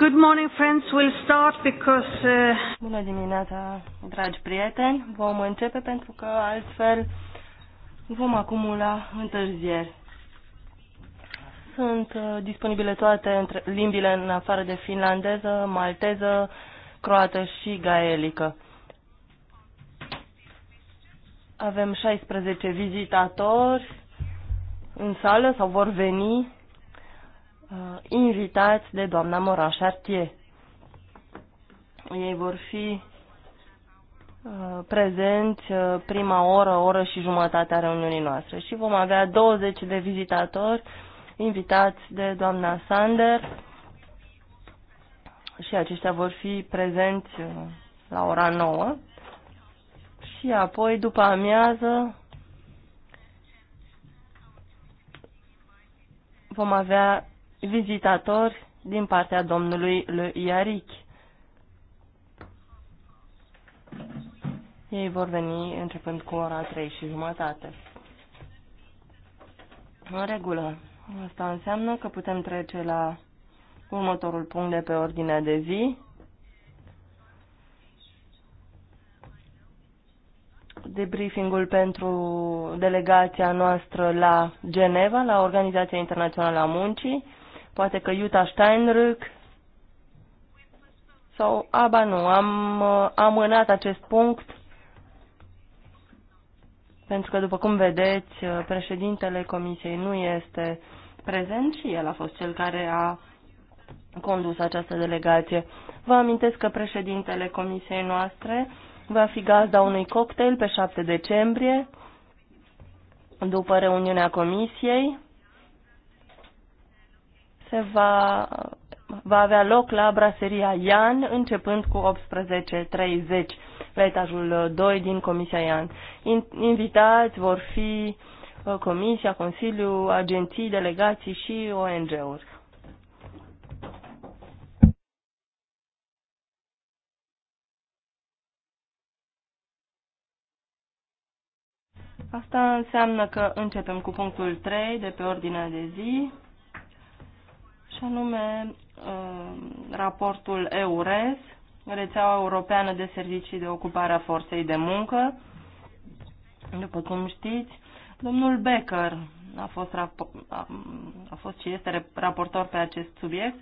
Good morning, friends. We'll start because... Uh... Bună dimineața, dragi prieteni. Vom începe pentru că altfel vom acumula întârzieri. Sunt uh, disponibile toate limbile în afară de finlandeză, malteză, croată și gaelică. Avem 16 vizitatori în sală sau vor veni uh, invitați de doamna Moran Chartier. Ei vor fi uh, prezenți uh, prima oră, oră și jumătate a reuniunii noastre și vom avea 20 de vizitatori invitați de doamna Sander și aceștia vor fi prezenți uh, la ora 9 și apoi după amiază vom avea Vizitator din partea domnului L. Iaric. Ei vor veni începând cu ora 3 și jumătate. În regulă. Asta înseamnă că putem trece la următorul punct de pe ordinea de zi. debriefingul pentru delegația noastră la Geneva, la Organizația Internațională a Muncii. Poate că Jutta Steinrück sau aba nu, am uh, amânat acest punct pentru că, după cum vedeți, uh, președintele comisiei nu este prezent și el a fost cel care a condus această delegație. Vă amintesc că președintele comisiei noastre va fi gazda unui cocktail pe 7 decembrie, după reuniunea comisiei, se va, va avea loc la Braseria Ian, începând cu 18.30 la etajul 2 din Comisia Ian. Invitați vor fi uh, Comisia, Consiliu, agenții, delegații și ONG-uri. Asta înseamnă că începem cu punctul 3 de pe ordinea de zi și anume ă, raportul EURES, Rețeaua Europeană de Servicii de Ocupare a Forței de Muncă. După cum știți, domnul Becker a fost, a, a fost și este raportor pe acest subiect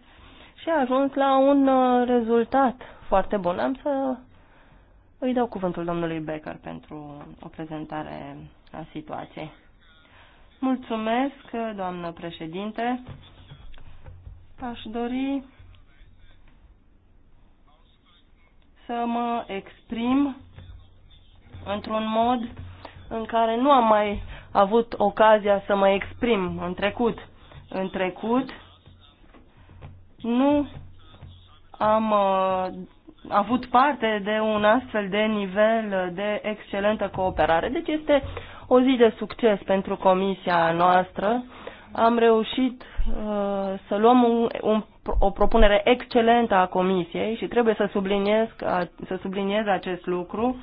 și a ajuns la un ă, rezultat foarte bun. Am să îi dau cuvântul domnului Becker pentru o prezentare a situației. Mulțumesc, doamnă președinte. Aș dori să mă exprim într-un mod în care nu am mai avut ocazia să mă exprim în trecut. În trecut nu am uh, avut parte de un astfel de nivel de excelentă cooperare. Deci este o zi de succes pentru comisia noastră am reușit uh, să luăm un, un, o propunere excelentă a Comisiei și trebuie să subliniez, să subliniez acest lucru.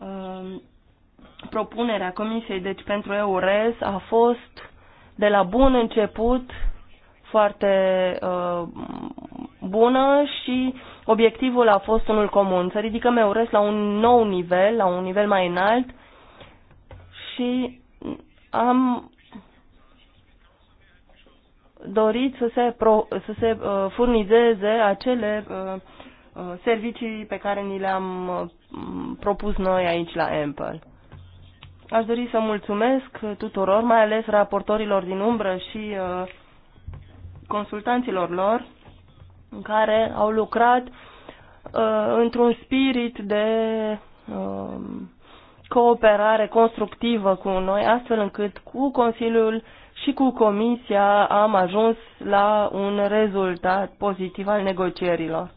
Uh, propunerea Comisiei deci pentru EURES a fost de la bun început foarte uh, bună și obiectivul a fost unul comun, să ridicăm EURES la un nou nivel, la un nivel mai înalt și am dorit să se, pro, să se uh, furnizeze acele uh, uh, servicii pe care ni le-am uh, propus noi aici la Ample. Aș dori să mulțumesc tuturor, mai ales raportorilor din umbră și uh, consultanților lor, care au lucrat uh, într-un spirit de uh, cooperare constructivă cu noi, astfel încât cu Consiliul și cu Comisia am ajuns la un rezultat pozitiv al negocierilor.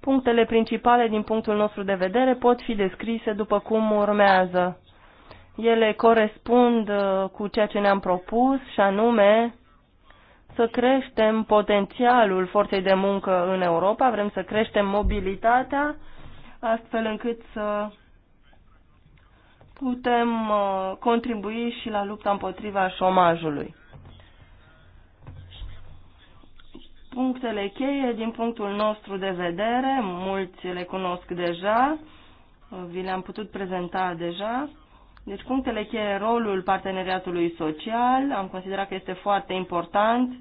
Punctele principale din punctul nostru de vedere pot fi descrise după cum urmează. Ele corespund uh, cu ceea ce ne-am propus și anume să creștem potențialul forței de muncă în Europa, vrem să creștem mobilitatea astfel încât să putem uh, contribui și la lupta împotriva șomajului. Punctele cheie din punctul nostru de vedere, mulți le cunosc deja, uh, vi le-am putut prezenta deja. Deci punctele cheie, rolul parteneriatului social, am considerat că este foarte important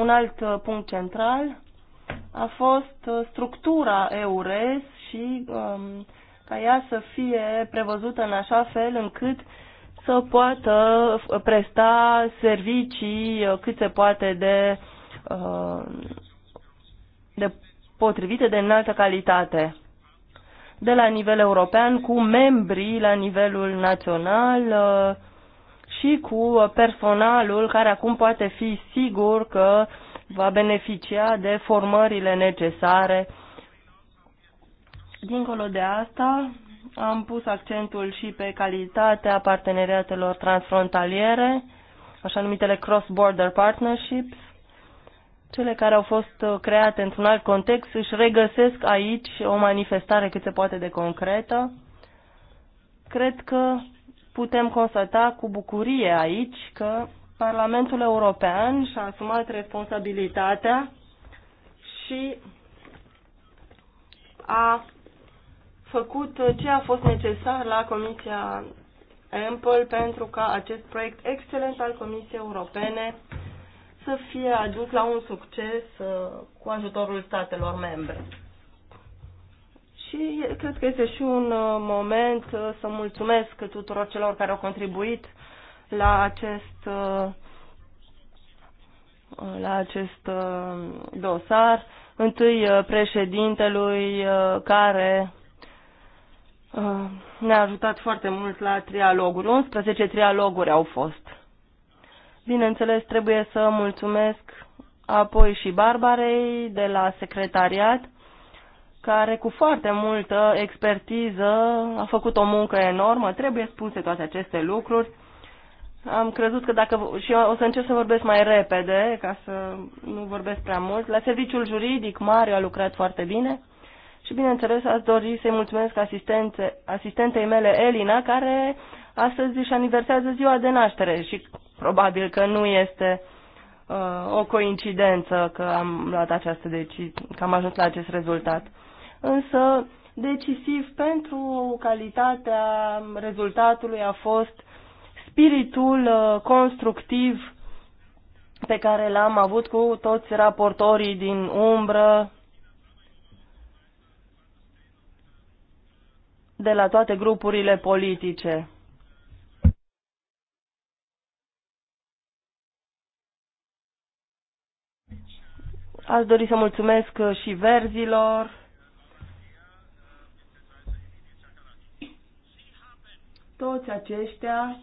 Un alt uh, punct central a fost uh, structura EURES și um, ca ea să fie prevăzută în așa fel încât să poată uh, presta servicii cât se poate de, de potrivite, de înaltă calitate, de la nivel european, cu membrii la nivelul național, și cu personalul care acum poate fi sigur că va beneficia de formările necesare. Dincolo de asta, am pus accentul și pe calitatea parteneriatelor transfrontaliere, așa numitele cross-border partnerships. Cele care au fost uh, create într-un alt context își regăsesc aici o manifestare cât se poate de concretă. Cred că putem constata cu bucurie aici că Parlamentul European și-a asumat responsabilitatea și a făcut ce a fost necesar la Comisia Ample pentru ca acest proiect excelent al Comisiei Europene să fie adus la un succes uh, cu ajutorul statelor membre. Și cred că este și un uh, moment uh, să mulțumesc tuturor celor care au contribuit la acest uh, la acest dosar. Întâi președintelui care ne-a ajutat foarte mult la trialoguri. 11 trialoguri au fost. Bineînțeles, trebuie să mulțumesc apoi și Barbarei de la secretariat care cu foarte multă expertiză a făcut o muncă enormă. Trebuie spuse toate aceste lucruri. Am crezut că dacă... și o să încerc să vorbesc mai repede, ca să nu vorbesc prea mult. La serviciul juridic, Mario a lucrat foarte bine. Și, bineînțeles, aș dori să-i mulțumesc asistențe, asistentei mele, Elina, care astăzi își aniversează ziua de naștere și probabil că nu este uh, o coincidență că am luat această decizie, că am ajuns la acest rezultat însă decisiv pentru calitatea rezultatului a fost spiritul uh, constructiv pe care l-am avut cu toți raportorii din umbră de la toate grupurile politice. Aș dori să mulțumesc și verzilor Toți aceștia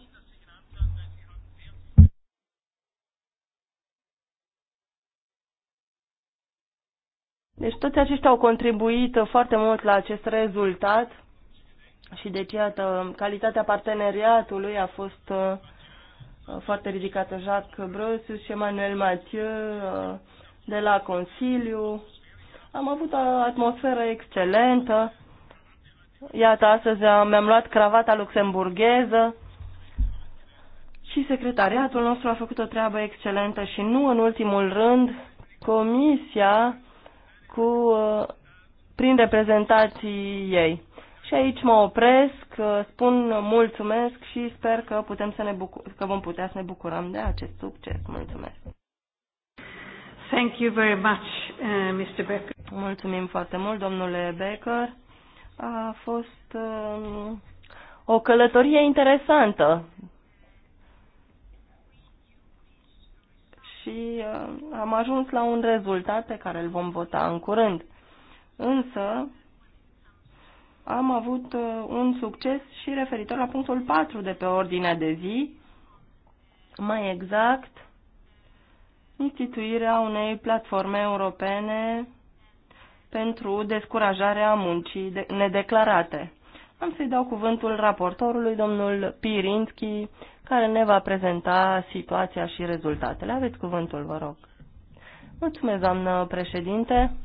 Deci toți aceștia au contribuit foarte mult la acest rezultat și deci, iată, calitatea parteneriatului a fost uh, foarte ridicată. Jacques Brosius și Emmanuel Mathieu uh, de la Consiliu. Am avut o atmosferă excelentă. Iată, astăzi mi-am luat cravata luxemburgheză și secretariatul nostru a făcut o treabă excelentă și nu în ultimul rând, comisia cu, uh, prin reprezentații ei. Și aici mă opresc, uh, spun mulțumesc și sper că, putem să ne bucur, că vom putea să ne bucurăm de acest succes. Mulțumesc! Thank you very much, uh, Mr. Becker. Mulțumim foarte mult, domnule Becker. A fost uh, o călătorie interesantă. Și uh, am ajuns la un rezultat pe care îl vom vota în curând. Însă am avut uh, un succes și referitor la punctul 4 de pe ordinea de zi, mai exact instituirea unei platforme europene pentru descurajarea muncii de nedeclarate. Am să-i dau cuvântul raportorului, domnul Pirinski, care ne va prezenta situația și rezultatele. Aveți cuvântul, vă rog. Mulțumesc, doamnă președinte.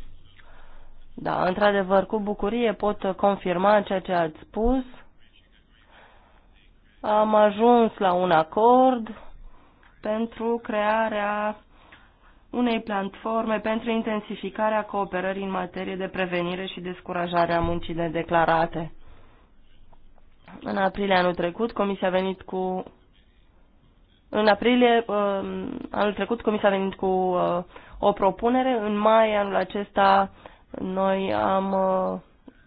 Da, într-adevăr, cu bucurie pot confirma ceea ce ați spus. Am ajuns la un acord pentru crearea unei platforme pentru intensificarea cooperării în materie de prevenire și descurajare a muncii nedeclarate. În aprilie anul trecut, Comisia a venit cu în aprilie um, anul trecut Comisia a venit cu uh, o propunere. În mai anul acesta noi am uh,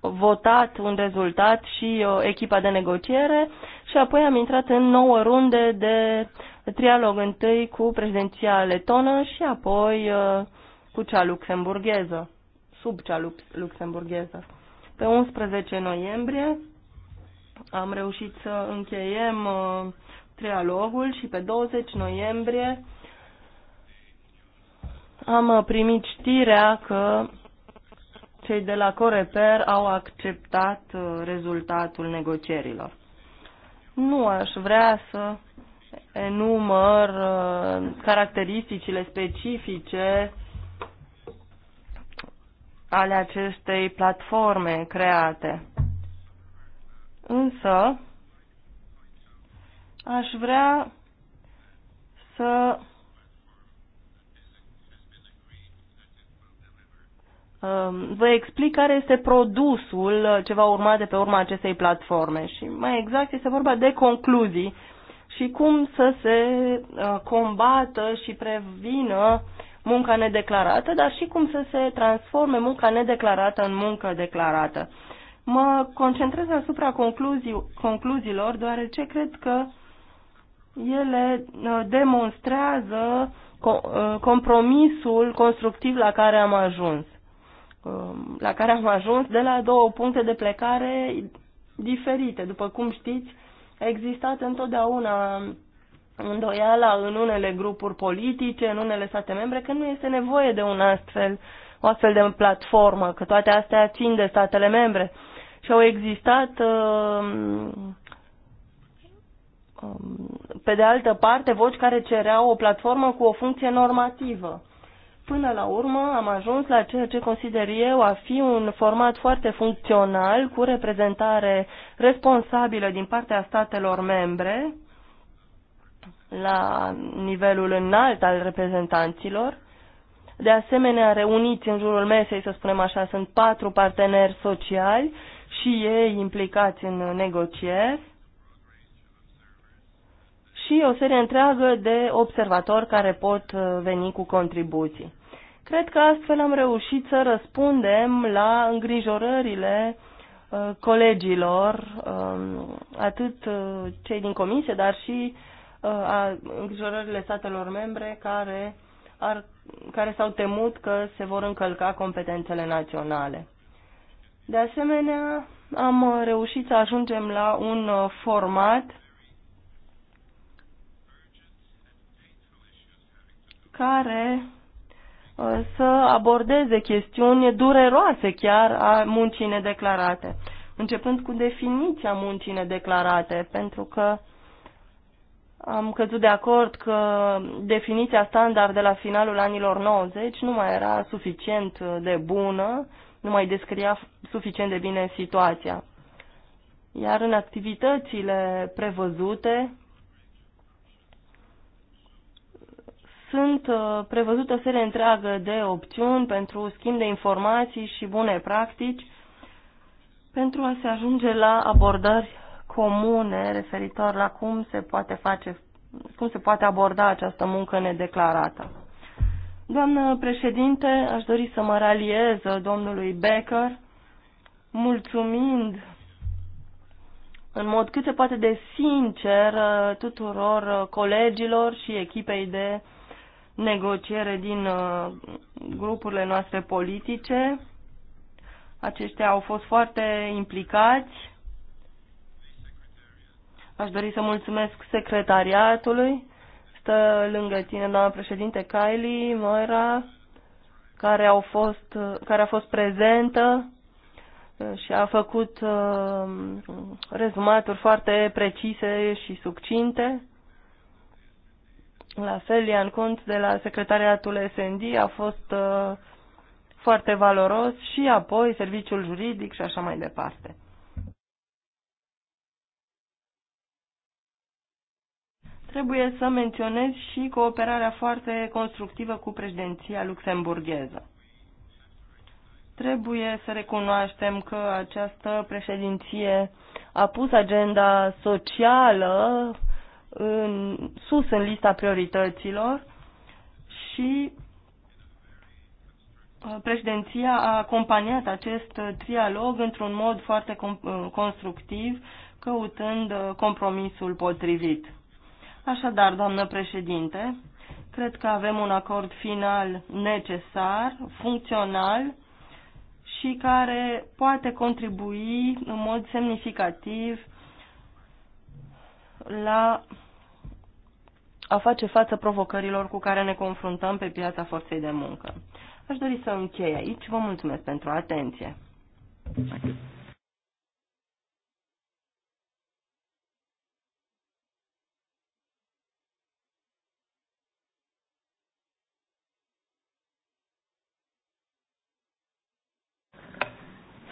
votat un rezultat și uh, echipa de negociere și apoi am intrat în nouă runde de trialog întâi cu președinția letonă și apoi uh, cu cea luxemburgheză, sub cea luxemburgheză. Pe 11 noiembrie am reușit să încheiem uh, trialogul și pe 20 noiembrie am uh, primit știrea că cei de la Coreper au acceptat rezultatul negocierilor. Nu aș vrea să enumăr uh, caracteristicile specifice ale acestei platforme create. Însă, aș vrea să um, vă explic care este produsul ce va urma de pe urma acestei platforme și mai exact este vorba de concluzii și cum să se uh, combată și prevină munca nedeclarată, dar și cum să se transforme munca nedeclarată în muncă declarată. Mă concentrez asupra concluziilor, deoarece cred că ele uh, demonstrează uh, compromisul constructiv la care am ajuns. Um, la care am ajuns de la două puncte de plecare diferite. După cum știți, a existat întotdeauna îndoiala în unele grupuri politice, în unele state membre, că nu este nevoie de un astfel, o astfel de platformă, că toate astea țin de statele membre. Și au existat, um, um, pe de altă parte, voci care cereau o platformă cu o funcție normativă. Până la urmă am ajuns la ceea ce consider eu a fi un format foarte funcțional, cu reprezentare responsabilă din partea statelor membre, la nivelul înalt al reprezentanților. De asemenea, reuniți în jurul mesei, să spunem așa, sunt patru parteneri sociali și ei implicați în negocieri și o serie întreagă de observatori care pot uh, veni cu contribuții. Cred că astfel am reușit să răspundem la îngrijorările uh, colegilor, um, atât uh, cei din comisie, dar și a îngrijorările statelor membre care, ar, care s-au temut că se vor încălca competențele naționale. De asemenea, am reușit să ajungem la un format care uh, să abordeze chestiuni dureroase chiar a muncii nedeclarate, începând cu definiția muncii nedeclarate, pentru că am căzut de acord că definiția standard de la finalul anilor 90 nu mai era suficient de bună, nu mai descria suficient de bine situația. Iar în activitățile prevăzute, sunt uh, prevăzute o serie întreagă de opțiuni pentru schimb de informații și bune practici pentru a se ajunge la abordări comune referitor la cum se poate face, cum se poate aborda această muncă nedeclarată. Doamnă președinte, aș dori să mă raliez domnului Becker, mulțumind în mod cât se poate de sincer uh, tuturor uh, colegilor și echipei de negociere din uh, grupurile noastre politice. Aceștia au fost foarte implicați. Aș dori să mulțumesc secretariatului. Stă lângă tine doamna președinte Kylie Moira, care, au fost, care a fost prezentă uh, și a făcut uh, rezumaturi foarte precise și succinte. La fel, Ian Cont de la Secretariatul SND a fost uh, foarte valoros și apoi serviciul juridic și așa mai departe. Trebuie să menționez și cooperarea foarte constructivă cu președinția luxemburgheză. Trebuie să recunoaștem că această președinție a pus agenda socială în, sus în lista priorităților și uh, președinția a acompaniat acest uh, trialog într-un mod foarte uh, constructiv, căutând compromisul potrivit. Așadar, doamnă președinte, cred că avem un acord final necesar, funcțional și care poate contribui în mod semnificativ la a face față provocărilor cu care ne confruntăm pe piața forței de muncă. Aș dori să închei aici. Vă mulțumesc pentru atenție.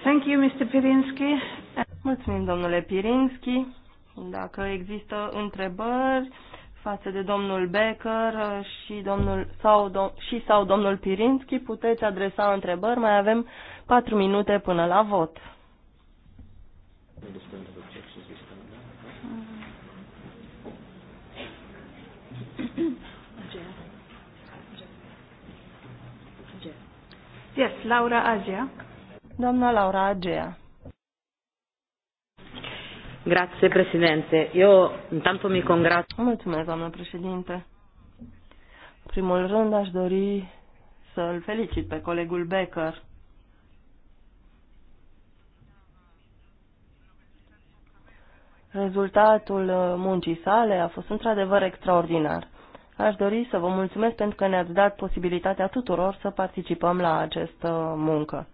Thank you, Mr. Pirinski. Mulțumim, domnule Pirinski. Dacă există întrebări, față de domnul Becker uh, și, domnul, sau, do, și sau domnul Pirinski, puteți adresa întrebări. Mai avem patru minute până la vot. Yes, Laura Agea. Doamna Laura Agea. Grazie Presidente. Eu intanto mi congratulo. Mulțumesc, doamnă președinte. În primul rând aș dori să-l felicit pe colegul Becker. Rezultatul muncii sale a fost într-adevăr extraordinar. Aș dori să vă mulțumesc pentru că ne-ați dat posibilitatea tuturor să participăm la această muncă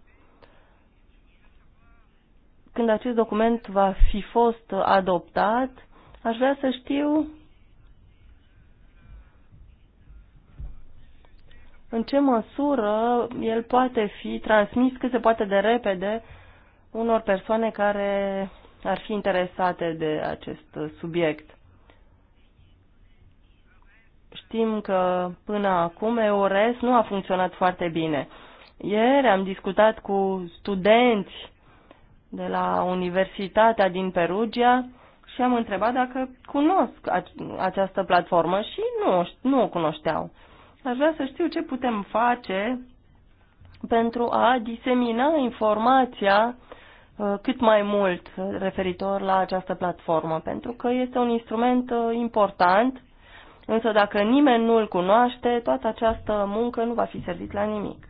când acest document va fi fost adoptat, aș vrea să știu în ce măsură el poate fi transmis cât se poate de repede unor persoane care ar fi interesate de acest subiect. Știm că până acum EORES nu a funcționat foarte bine. Ieri am discutat cu studenți de la Universitatea din Perugia și am întrebat dacă cunosc această platformă și nu, nu o cunoșteau. Aș vrea să știu ce putem face pentru a disemina informația uh, cât mai mult referitor la această platformă, pentru că este un instrument uh, important, însă dacă nimeni nu îl cunoaște, toată această muncă nu va fi servit la nimic.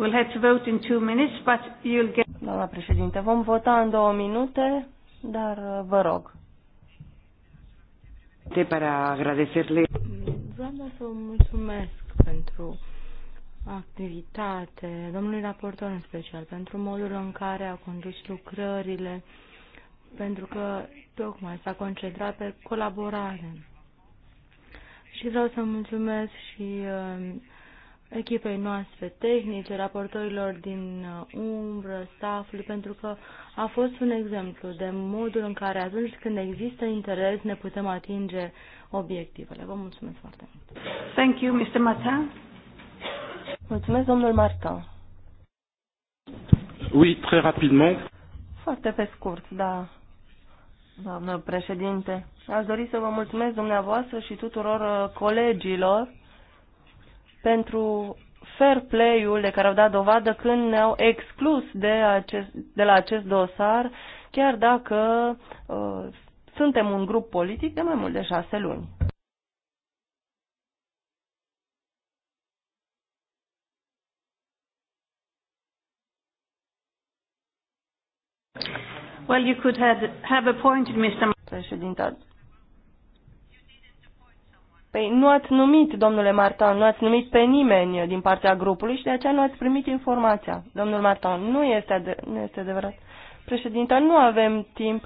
We'll have to vote in two minutes, but you'll get... Doamna președinte, vom vota în două minute, dar uh, vă rog. Te para agradecerle. Vreau să mulțumesc pentru activitate, domnului raportor în special, pentru modul în care a condus lucrările, pentru că tocmai s-a concentrat pe colaborare. Și vreau să mulțumesc și uh, echipei noastre tehnice, raportorilor din uh, umbră, staffului, pentru că a fost un exemplu de modul în care atunci când există interes ne putem atinge obiectivele. Vă mulțumesc foarte mult. Thank you, Mr. Martin. Mulțumesc, domnul Martin. Oui, très rapidement. Foarte pe scurt, da. Doamnă președinte, aș dori să vă mulțumesc dumneavoastră și tuturor uh, colegilor pentru fair play-ul de care au dat dovadă când ne-au exclus de, acest, de la acest dosar, chiar dacă uh, suntem un grup politic de mai mult de șase luni. Well, you could have, have appointed Mr. Președinte, Păi nu ați numit, domnule Marton, nu ați numit pe nimeni din partea grupului și de aceea nu ați primit informația. Domnul Marton, nu este, ade nu este adevărat. Președinte, nu avem timp.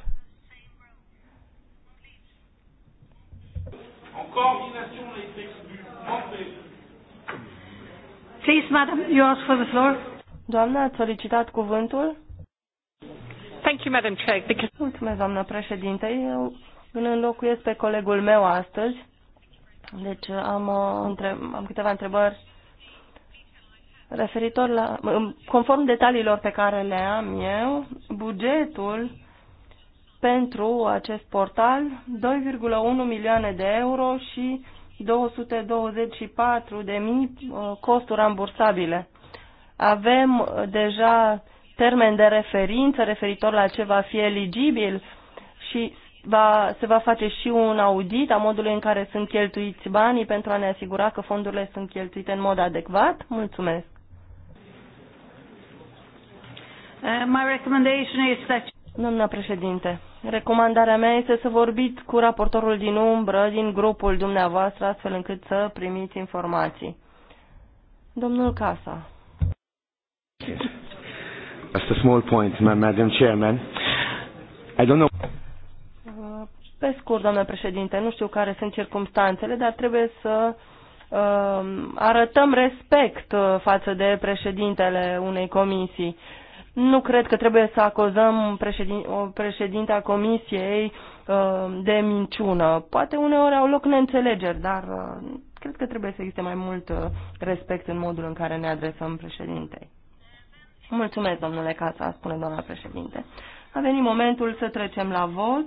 Please, madam, you ask for the floor. Doamna, ați solicitat cuvântul? Thank you, madam chair. Because... Mulțumesc, doamnă președinte. Eu îl înlocuiesc pe colegul meu astăzi deci am, uh, între, am câteva întrebări referitor la, conform detaliilor pe care le am eu, bugetul pentru acest portal 2,1 milioane de euro și 224 de mii uh, costuri rambursabile. Avem uh, deja termen de referință referitor la ce va fi eligibil și va, se va face și un audit a modului în care sunt cheltuiți banii pentru a ne asigura că fondurile sunt cheltuite în mod adecvat? Mulțumesc. Uh, Doamna președinte, recomandarea mea este să vorbiți cu raportorul din umbră, din grupul dumneavoastră, astfel încât să primiți informații. Domnul Casa. That's a small point, Madam Chairman. I don't know. Pe scurt, doamnă președinte, nu știu care sunt circumstanțele, dar trebuie să uh, arătăm respect uh, față de președintele unei comisii. Nu cred că trebuie să acuzăm președin, președinta comisiei uh, de minciună. Poate uneori au loc neînțelegeri, dar uh, cred că trebuie să existe mai mult uh, respect în modul în care ne adresăm președintei. Mulțumesc, domnule Casa, spune doamna președinte. A venit momentul să trecem la vot.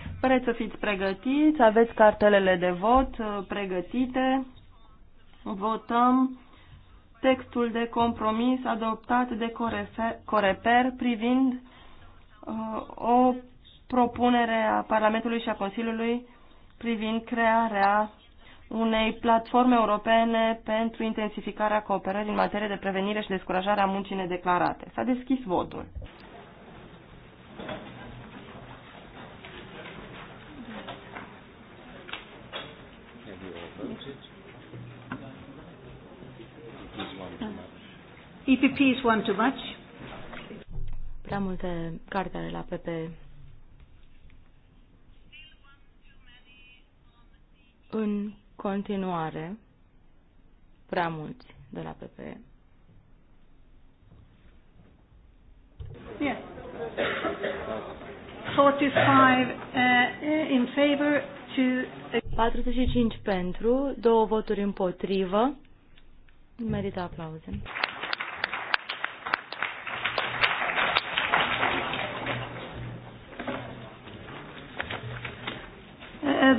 Păreți să fiți pregătiți, aveți cartelele de vot uh, pregătite. Votăm textul de compromis adoptat de Coreper privind uh, o propunere a Parlamentului și a Consiliului privind crearea unei platforme europene pentru intensificarea cooperării în materie de prevenire și descurajare a muncii nedeclarate. S-a deschis votul. EPP is one too much. Prea multe cartele la PP. În continuare, prea mulți de la PP. Yeah. 45 uh, in favor to 45 uh, pentru, două voturi împotrivă. Merită aplauze.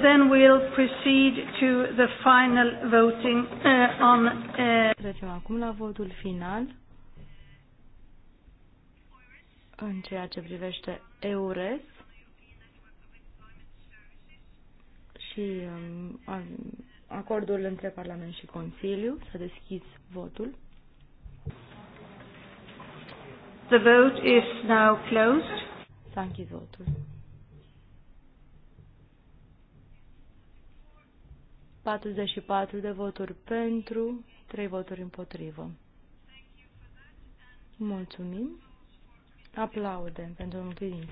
then we'll proceed to the final voting uh, on... Uh... Trecem acum la votul final în ceea ce privește EURES și um, acordul între Parlament și Consiliu. Să deschis votul. The vote is now closed. S-a închis votul. 44 de voturi pentru, 3 voturi împotrivă. Mulțumim. Aplaude pentru un Chirin.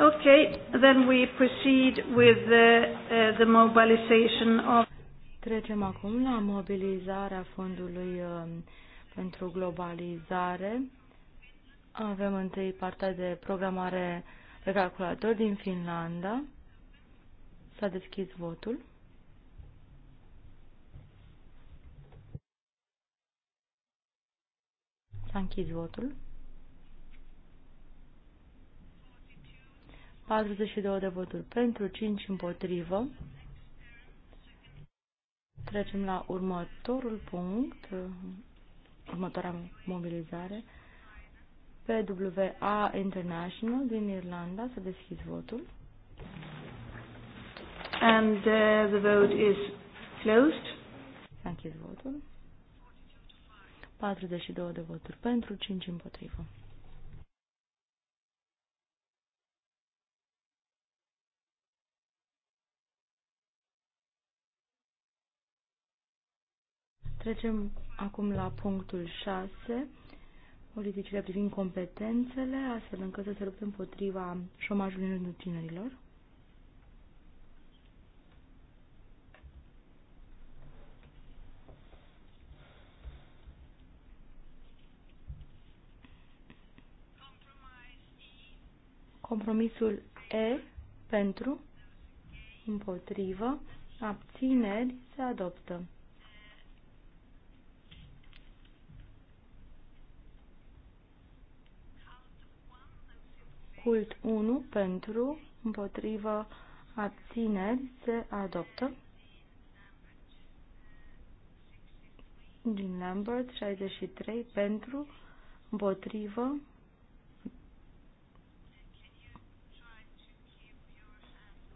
Okay, then we proceed with the, uh, the mobilization of Trecem acum la mobilizarea fondului uh, pentru globalizare. Avem întâi partea de programare pe calculator din Finlanda. S-a deschis votul. S-a închis votul. 42 de voturi pentru, 5 împotrivă. Trecem la următorul punct, următoarea mobilizare. PWA International din Irlanda. Să deschis votul. And uh, the vote is closed. S-a închis votul. 42 de voturi pentru, 5 împotrivă. Trecem acum la punctul 6, politicile privind competențele, astfel încât să se lupte împotriva șomajului în rândul tinerilor. Compromisul E pentru, împotrivă, abțineri se adoptă. Cult 1 pentru, împotrivă, abțineri se adoptă. din Lambert, 63, pentru, împotrivă,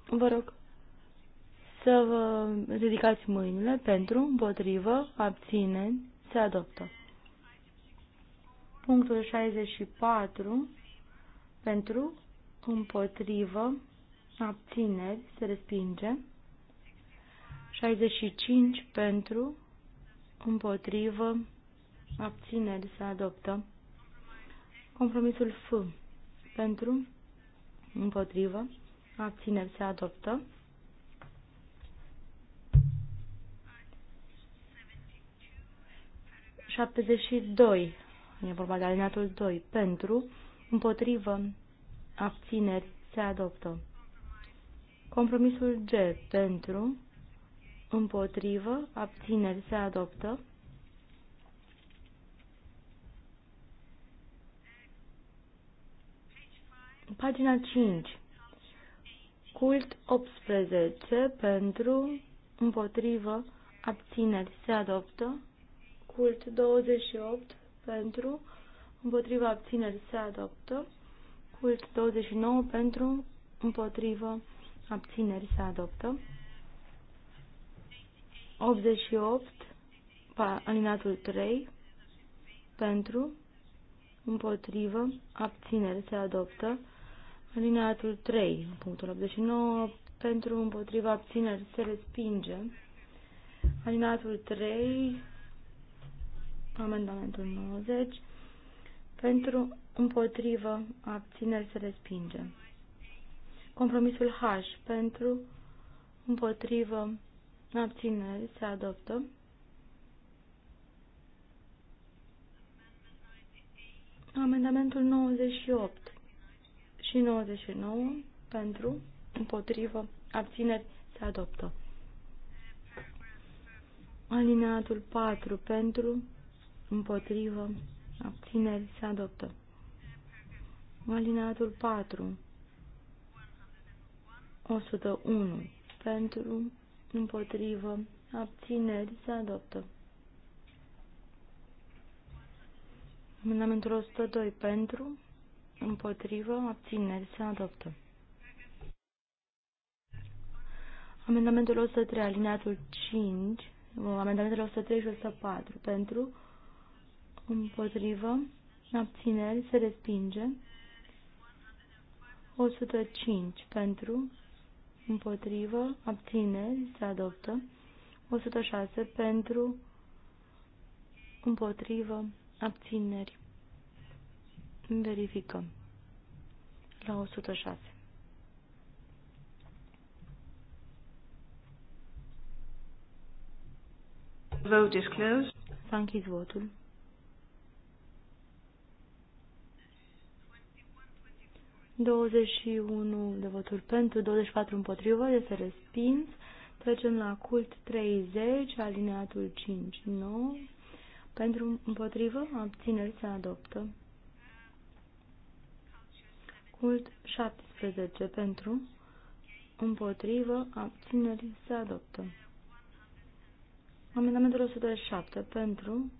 Vă rog să vă ridicați mâinile pentru, împotrivă, abține, se adoptă. Punctul 64 pentru, împotrivă, abțineri, se respinge. 65 pentru, împotrivă, abțineri, se adoptă. Compromisul F pentru, împotrivă, abțineri, se adoptă. Șaptezeci și doi, e vorba de alineatul 2, pentru, împotrivă, abțineri, se adoptă. Compromisul G pentru, împotrivă, abțineri, se adoptă. Pagina 5. Cult 18 pentru, împotrivă, abțineri, se adoptă. Cult 28 pentru, împotriva abțineri se adoptă, cult 29 pentru, împotriva abțineri se adoptă, 88, alinatul 3, pentru, împotriva abțineri se adoptă, alinatul 3, punctul 89, pentru, împotriva, abțineri se respinge, alinatul 3, amendamentul 90, pentru împotrivă abțineri se respinge. Compromisul H pentru împotrivă abțineri se adoptă. Amendamentul 98 și 99 pentru împotrivă abțineri se adoptă. Alineatul 4 pentru împotrivă Abțineri se adoptă. Alineatul 4. 101. Pentru, împotrivă, abțineri se adoptă. Amendamentul 102. Pentru, împotrivă, abțineri se adoptă. Amendamentul 103, alineatul 5, amendamentele 103 și 104. Pentru, împotrivă, abțineri, se respinge. 105 pentru, împotrivă, abțineri, se adoptă. 106 pentru, împotrivă, abțineri. Verificăm. La 106. Vote is closed. S-a închis votul. 21 de voturi pentru, 24 împotrivă, este respins. Trecem la cult 30, alineatul 5, 9. Pentru împotrivă, abțineri se adoptă. Cult 17 pentru, împotrivă, abțineri se adoptă. Amendamentul 107 pentru,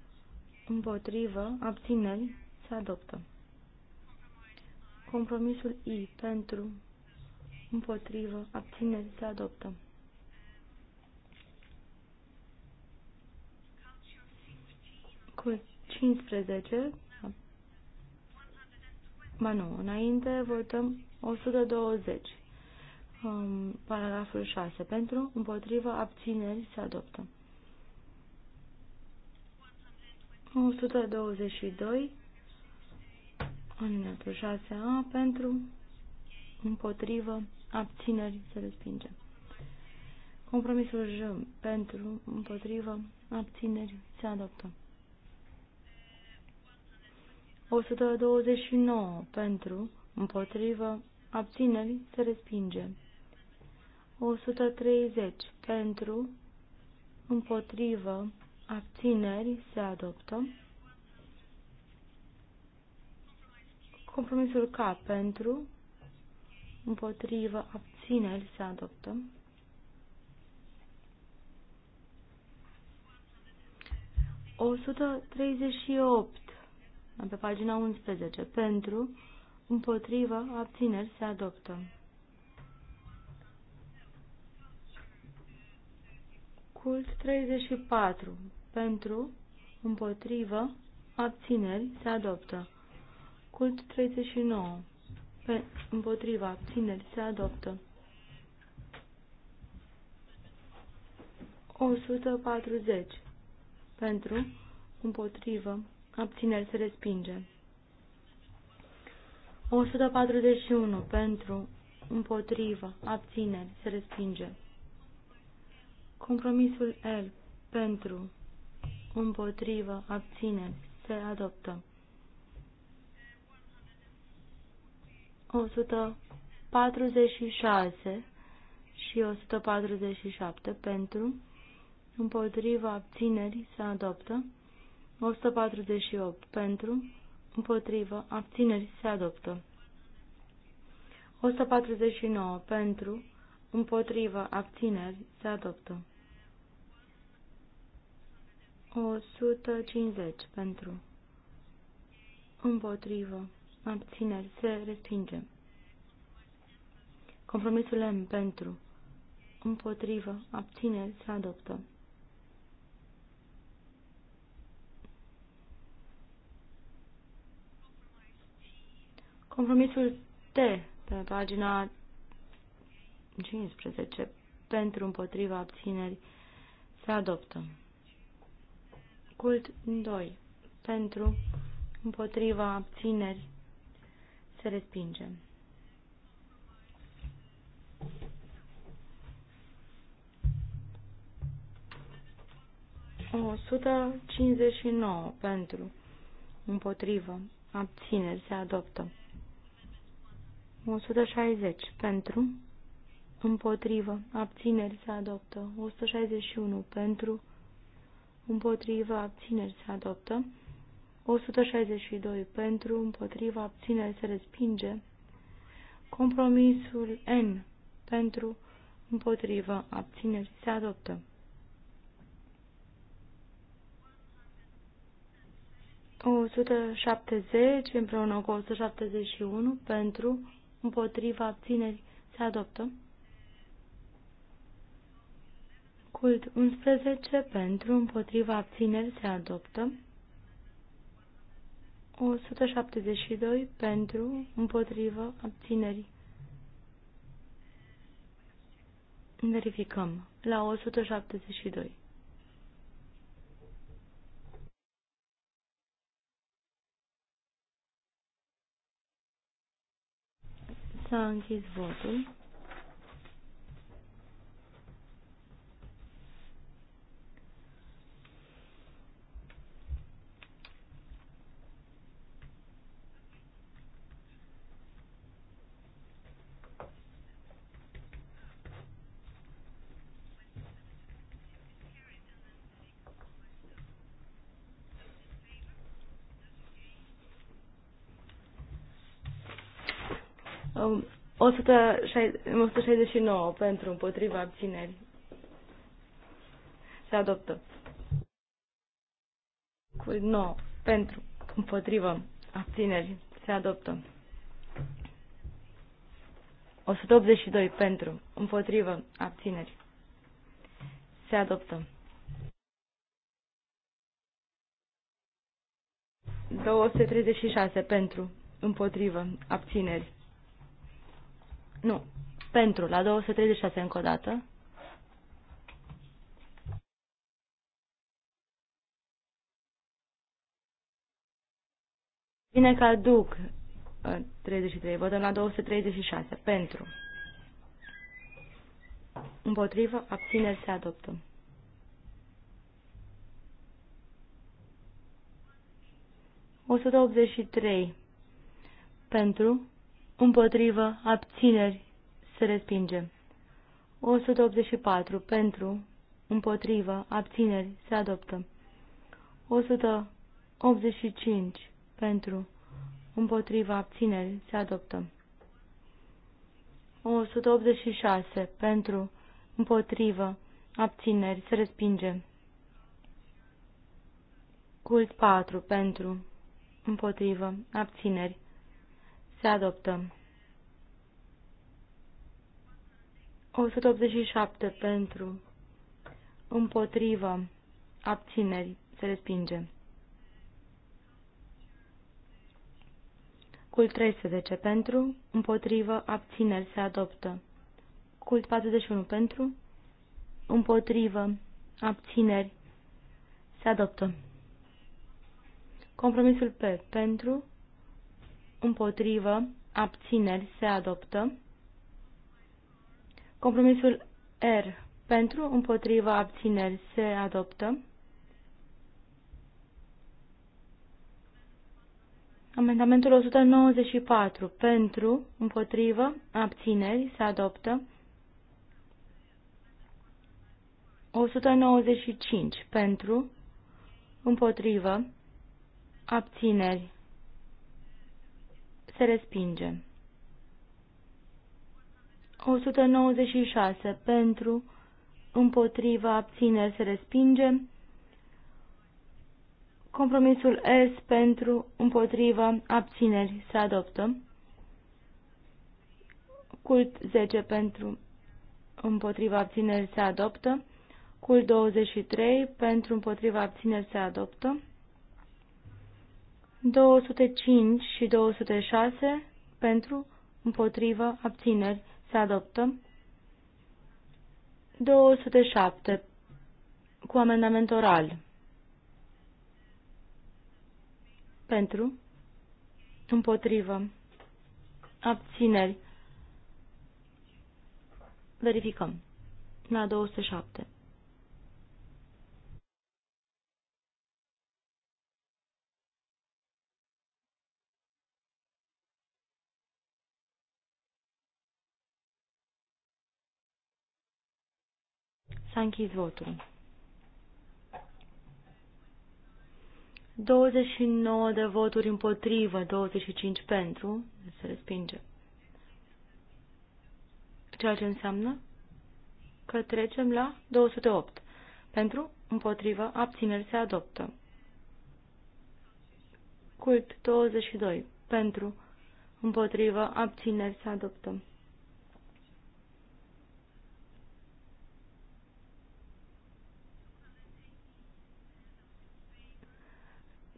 împotrivă, abțineri se adoptă. Compromisul I pentru împotrivă abțineri se adoptă. Cu 15, ba nu, înainte votăm 120, um, paragraful 6, pentru împotrivă abțineri se adoptă. 122 alineatul 6A pentru, împotrivă, abțineri, se respinge. Compromisul J pentru, împotrivă, abțineri, se adoptă. 129 pentru, împotrivă, abțineri, se respinge. 130 pentru, împotrivă, abțineri, se adoptă. Compromisul K pentru, împotrivă, abțineri se adoptă. O 138 pe pagina 11 pentru, împotrivă, abțineri se adoptă. Cult 34 pentru, împotrivă, abțineri se adoptă. Cult 39. Pe, împotriva, abțineri, se adoptă. 140. Pentru, împotrivă, abțineri, se respinge. 141. Pentru, împotrivă, abțineri, se respinge. Compromisul L. Pentru, împotrivă, abțineri, se adoptă. 146 și 147 pentru, împotriva abținerii se adoptă, 148 pentru, împotriva abținerii se adoptă, 149 pentru, împotriva abținerii se adoptă, 150 pentru, împotriva abțineri, se respinge. Compromisul M pentru, împotrivă, abțineri, se adoptă. Compromisul T pe pagina 15 pentru împotriva abțineri se adoptă. Cult 2 pentru împotriva abțineri se respinge. O 159 pentru, împotrivă, abțineri, se adoptă. 160 pentru, împotrivă, abțineri, se adoptă. 161 pentru, împotrivă, abțineri, se adoptă. 162 pentru, împotriva, abțineri se respinge. Compromisul N pentru, împotriva, abțineri se adoptă. 170 împreună cu 171 pentru, împotriva, abțineri se adoptă. Cult 11 pentru, împotriva, abțineri se adoptă. 172 pentru, împotrivă, abținerii. Verificăm. La 172. S-a închis votul. 169 um, pentru împotriva abțineri. Se adoptă. Cu 9 pentru împotriva abțineri. Se adoptă. 182 pentru împotriva abțineri. Se adoptă. 236 pentru împotrivă abțineri nu, pentru, la 236 încă o dată. Bine că aduc 33, votăm la 236, pentru. Împotrivă, abțineri se adoptă. O 183 pentru împotrivă, abțineri, se respinge. 184 pentru, împotrivă, abțineri, se adoptă. 185 pentru, împotrivă, abțineri, se adoptă. 186 pentru, împotrivă, abțineri, se respinge. Cult 4 pentru, împotrivă, abțineri, se adoptă. 187 pentru, împotrivă, abțineri, se respinge. Cult 13 pentru, împotrivă, abțineri, se adoptă. Cult 41 pentru, împotrivă, abțineri, se adoptă. Compromisul P pentru, împotrivă, abțineri, se adoptă. Compromisul R, pentru, împotrivă, abțineri, se adoptă. Amendamentul 194, pentru, împotrivă, abțineri, se adoptă. 195, pentru, împotrivă, abțineri, se respinge. 196. Pentru, împotriva, abțineri, se respinge. Compromisul S pentru, împotriva, abțineri, se adoptă. Cult 10 pentru, împotriva, abțineri, se adoptă. Cult 23 pentru, împotriva, abțineri, se adoptă. 205 și 206 pentru, împotrivă, abțineri, se adoptă. 207 cu amendament oral. Pentru, împotrivă, abțineri. Verificăm. La 207. S-a închis votul. 29 de voturi împotrivă, 25 pentru, se respinge. Ceea ce înseamnă că trecem la 208. Pentru, împotrivă, abțineri se adoptă. Cult 22. Pentru, împotrivă, abțineri se adoptă.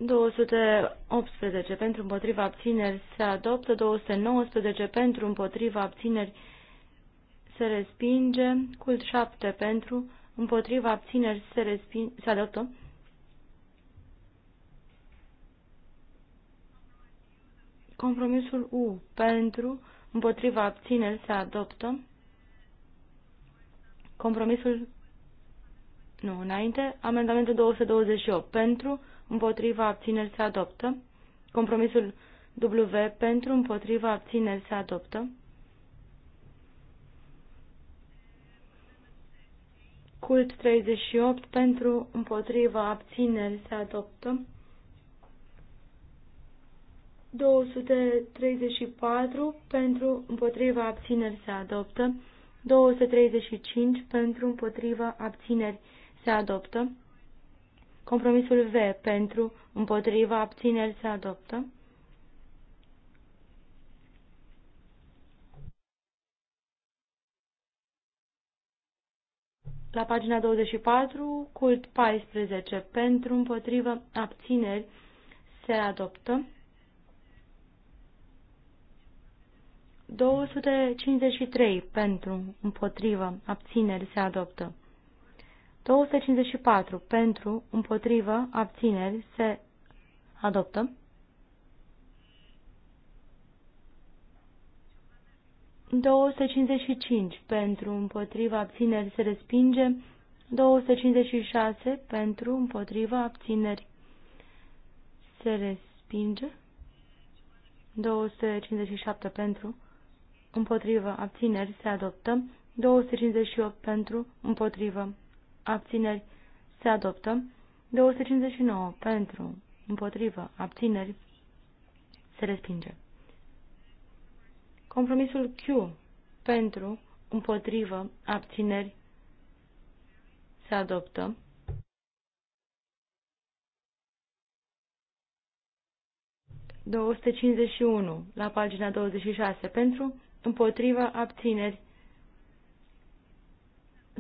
218 pentru împotriva abțineri se adoptă, 219 pentru împotriva abțineri se respinge, cult 7 pentru împotriva abțineri se, respinge, se adoptă. Compromisul U pentru împotriva abțineri se adoptă. Compromisul nu, înainte, amendamentul 228 pentru împotriva abțineri se adoptă. Compromisul W pentru împotriva abțineri se adoptă. Cult 38 pentru împotriva abțineri se adoptă. 234 pentru împotriva abțineri se adoptă. 235 pentru împotriva abțineri se adoptă. Compromisul V pentru împotriva abțineri se adoptă. La pagina 24, cult 14 pentru împotriva abțineri se adoptă. 253 pentru împotriva abțineri se adoptă. 254 pentru, împotrivă, abțineri se adoptă. ...255 pentru împotriva abțineri se respinge, 256 pentru împotriva abțineri se respinge, 257 pentru împotriva abțineri se adoptă, 258 pentru împotriva abțineri, se adoptă. 259 pentru, împotrivă, abțineri, se respinge. Compromisul Q pentru, împotrivă, abțineri, se adoptă. ...251, la pagina 26, pentru împotriva abțineri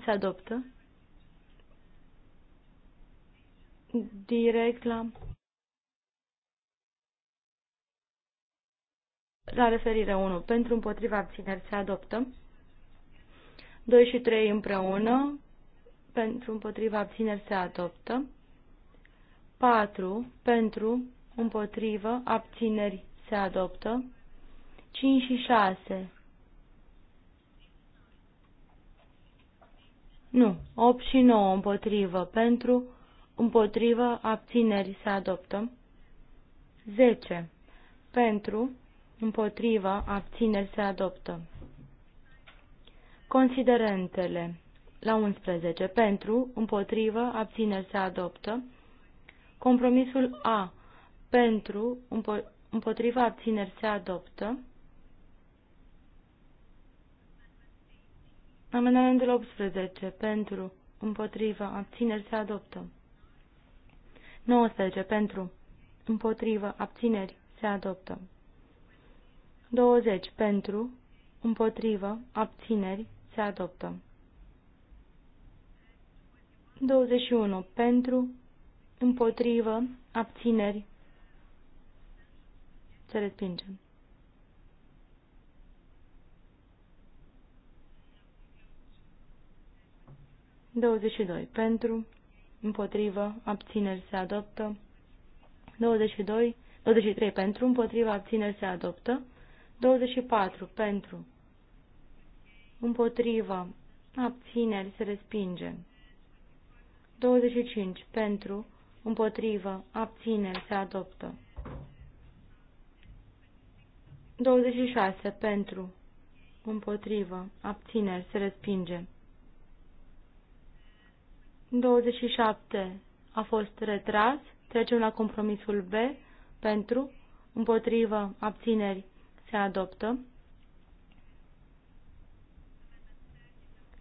se adoptă. direct la, la referire 1. Pentru împotriva abțineri se adoptă. 2 și 3 împreună. Pentru împotriva abțineri se adoptă. 4. Pentru împotrivă abțineri se adoptă. 5 și 6. Nu, 8 și 9 împotrivă pentru împotrivă, abținerii se adoptă. 10. Pentru, împotrivă, abțineri se adoptă. Considerentele. La 11. Pentru, împotrivă, abțineri se adoptă. Compromisul A. Pentru, împotrivă, abțineri se adoptă. Amendamentul 18. Pentru, împotrivă, abțineri se adoptă. 19 pentru, împotrivă, abțineri, se adoptă. 20 pentru, împotrivă, abțineri, se adoptă. 21 pentru, împotrivă, abțineri, se respinge. 22 Pentru, împotrivă, abțineri se adoptă. 22, 23 pentru, împotrivă, abțineri se adoptă. 24 pentru, împotrivă, abțineri se respinge. 25 pentru, împotrivă, abțineri se adoptă. 26 pentru, împotrivă, abțineri se respinge. 27 a fost retras. Trecem la compromisul B pentru, împotrivă, abțineri se adoptă.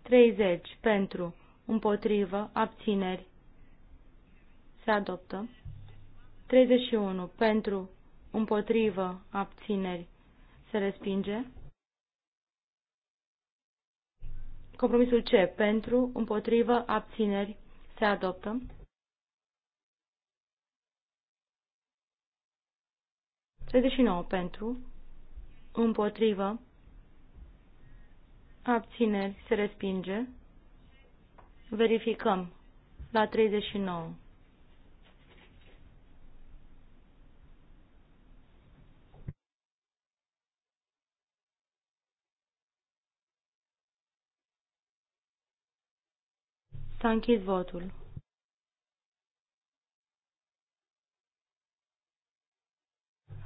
30 pentru, împotrivă, abțineri se adoptă. 31 pentru, împotrivă, abțineri se respinge. Compromisul C pentru, împotrivă, abțineri se adoptă. Treizeci nouă pentru. Împotrivă. Abțineri. Se respinge. Verificăm. La 39. S-a închis votul.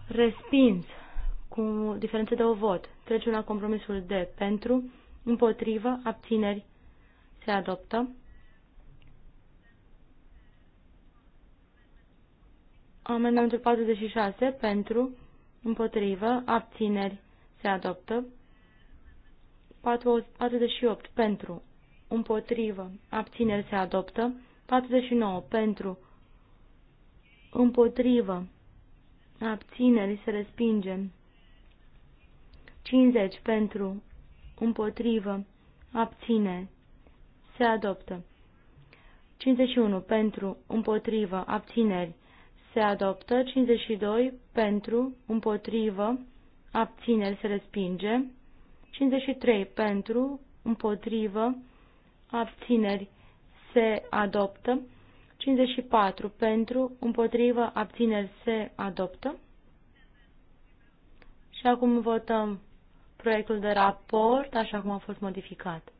Respins cu diferență de o vot. Trecem la compromisul de Pentru, împotrivă, abțineri. Se adoptă. Amendamentul 46. Pentru, împotrivă, abțineri. Se adoptă. 48. Pentru, împotrivă, abțineri se adoptă, 49 pentru, împotrivă, abțineri se respinge, 50 pentru, împotrivă, abține se adoptă, 51 pentru, împotrivă, abțineri se adoptă, 52 pentru, împotrivă, abțineri se respinge, 53 pentru, împotrivă, abțineri se adoptă. 54 pentru, împotrivă, abțineri se adoptă. Și acum votăm proiectul de raport așa cum a fost modificat.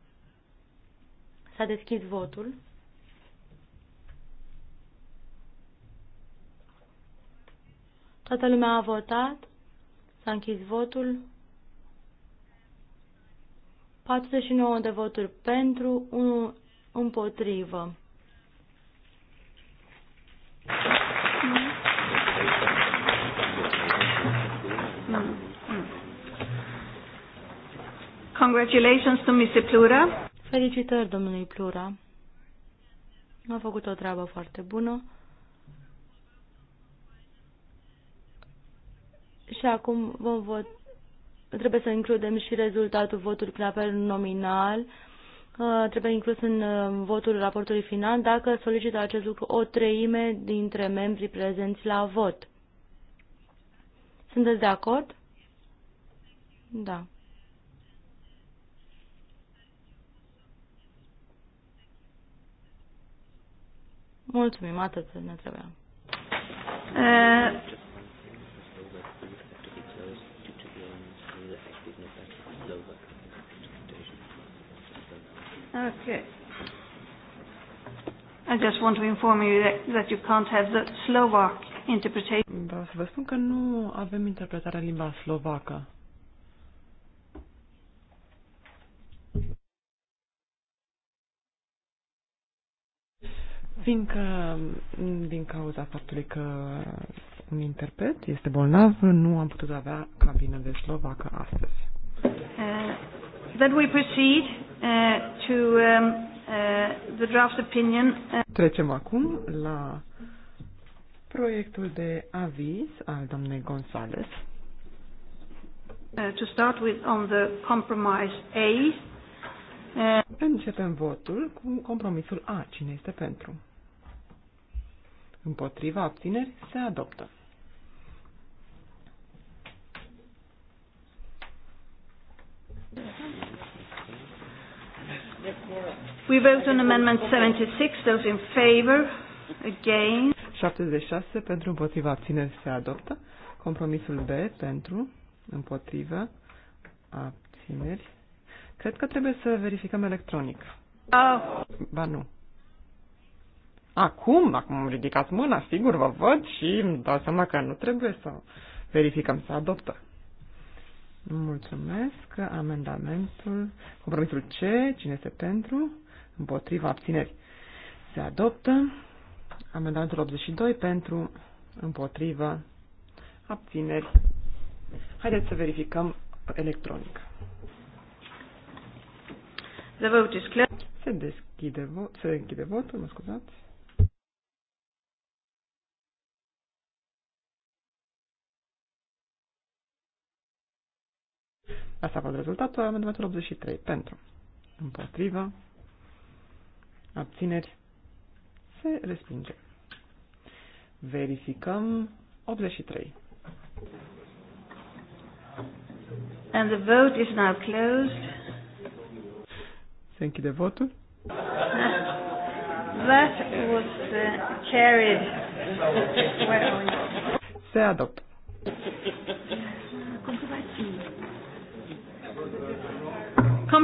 S-a deschis votul. Toată lumea a votat. S-a închis votul. 49 de voturi pentru, 1 împotrivă. Congratulations to Mr. Plura. Felicitări domnului Plura. A făcut o treabă foarte bună. Și acum vom vota trebuie să includem și rezultatul votului prin apel nominal, uh, trebuie inclus în uh, votul raportului final dacă solicită acest lucru o treime dintre membrii prezenți la vot. Sunteți de acord? Da. Mulțumim, atât ne trebuia. Uh, Okay. I just want to inform you that, that you can't have the Slovak interpretation. Da, să vă spun că nu avem interpretarea în limba slovacă. Fiindcă, din cauza faptului că un interpret este bolnav, nu am putut avea cabină de slovacă astăzi. Uh, then we proceed Uh, um, uh, draft uh, Trecem acum la proiectul de aviz al domnei Gonzalez. Uh, to start with on the compromise A. Uh, Începem votul cu compromisul A. Cine este pentru? Împotriva abțineri se adoptă. Uh -huh. We vote on amendment 76, those in favor, again. 76 pentru împotriva abțineri se adoptă. Compromisul B pentru împotriva abțineri. Cred că trebuie să verificăm electronic. Ah. Ba nu. Acum, acum ridicați mâna, sigur vă văd și îmi dau seama că nu trebuie să verificăm, să adoptăm. Mulțumesc. Amendamentul, compromisul C, cine este pentru? Împotriva abțineri. Se adoptă. Amendamentul 82 pentru, împotriva, abțineri. Haideți să verificăm electronic. The vote is clear. Se deschide, vo- se deschide votul, mă scuzați. Asta a fost rezultatul amendamentul 83. Pentru. Împotriva. Abțineri. Se respinge. Verificăm 83. And the vote is now closed. Se închide votul. That was uh, carried. Se adoptă. Uh,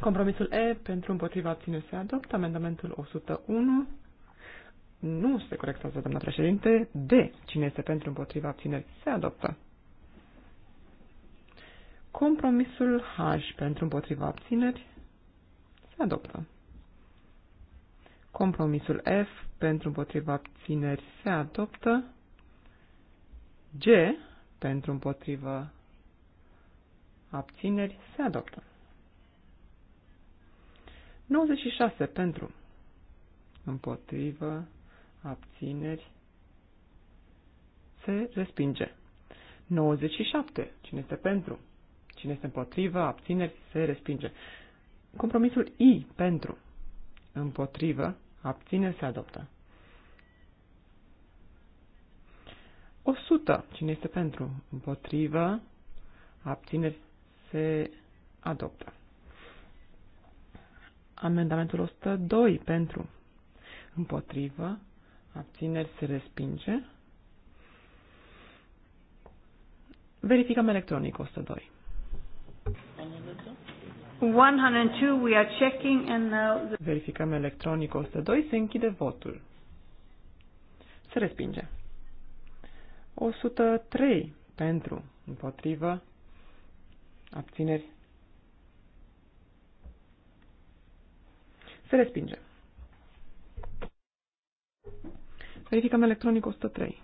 Compromisul E pentru împotriva abține se adoptă. Amendamentul 101. Nu se corectează, doamna președinte. D. Cine este pentru împotriva abțineri se adoptă. Compromisul H pentru împotriva abțineri se adoptă. Compromisul F pentru împotriva abțineri se adoptă. G pentru împotriva abțineri, se adoptă. 96 pentru, împotrivă, abțineri, se respinge. 97. Cine este pentru? Cine este împotrivă? Abțineri? Se respinge. Compromisul I. Pentru. Împotrivă. Abțineri? Se adoptă. 100. Cine este pentru? Împotrivă. Abțineri? se adoptă. Amendamentul 102 pentru împotrivă, abțineri se respinge. Verificăm electronic 102. 102 we are checking and now the... Verificăm electronic 102, se închide votul. Se respinge. 103 pentru, împotrivă, Abțineri. Se respinge. Verificăm electronic 103.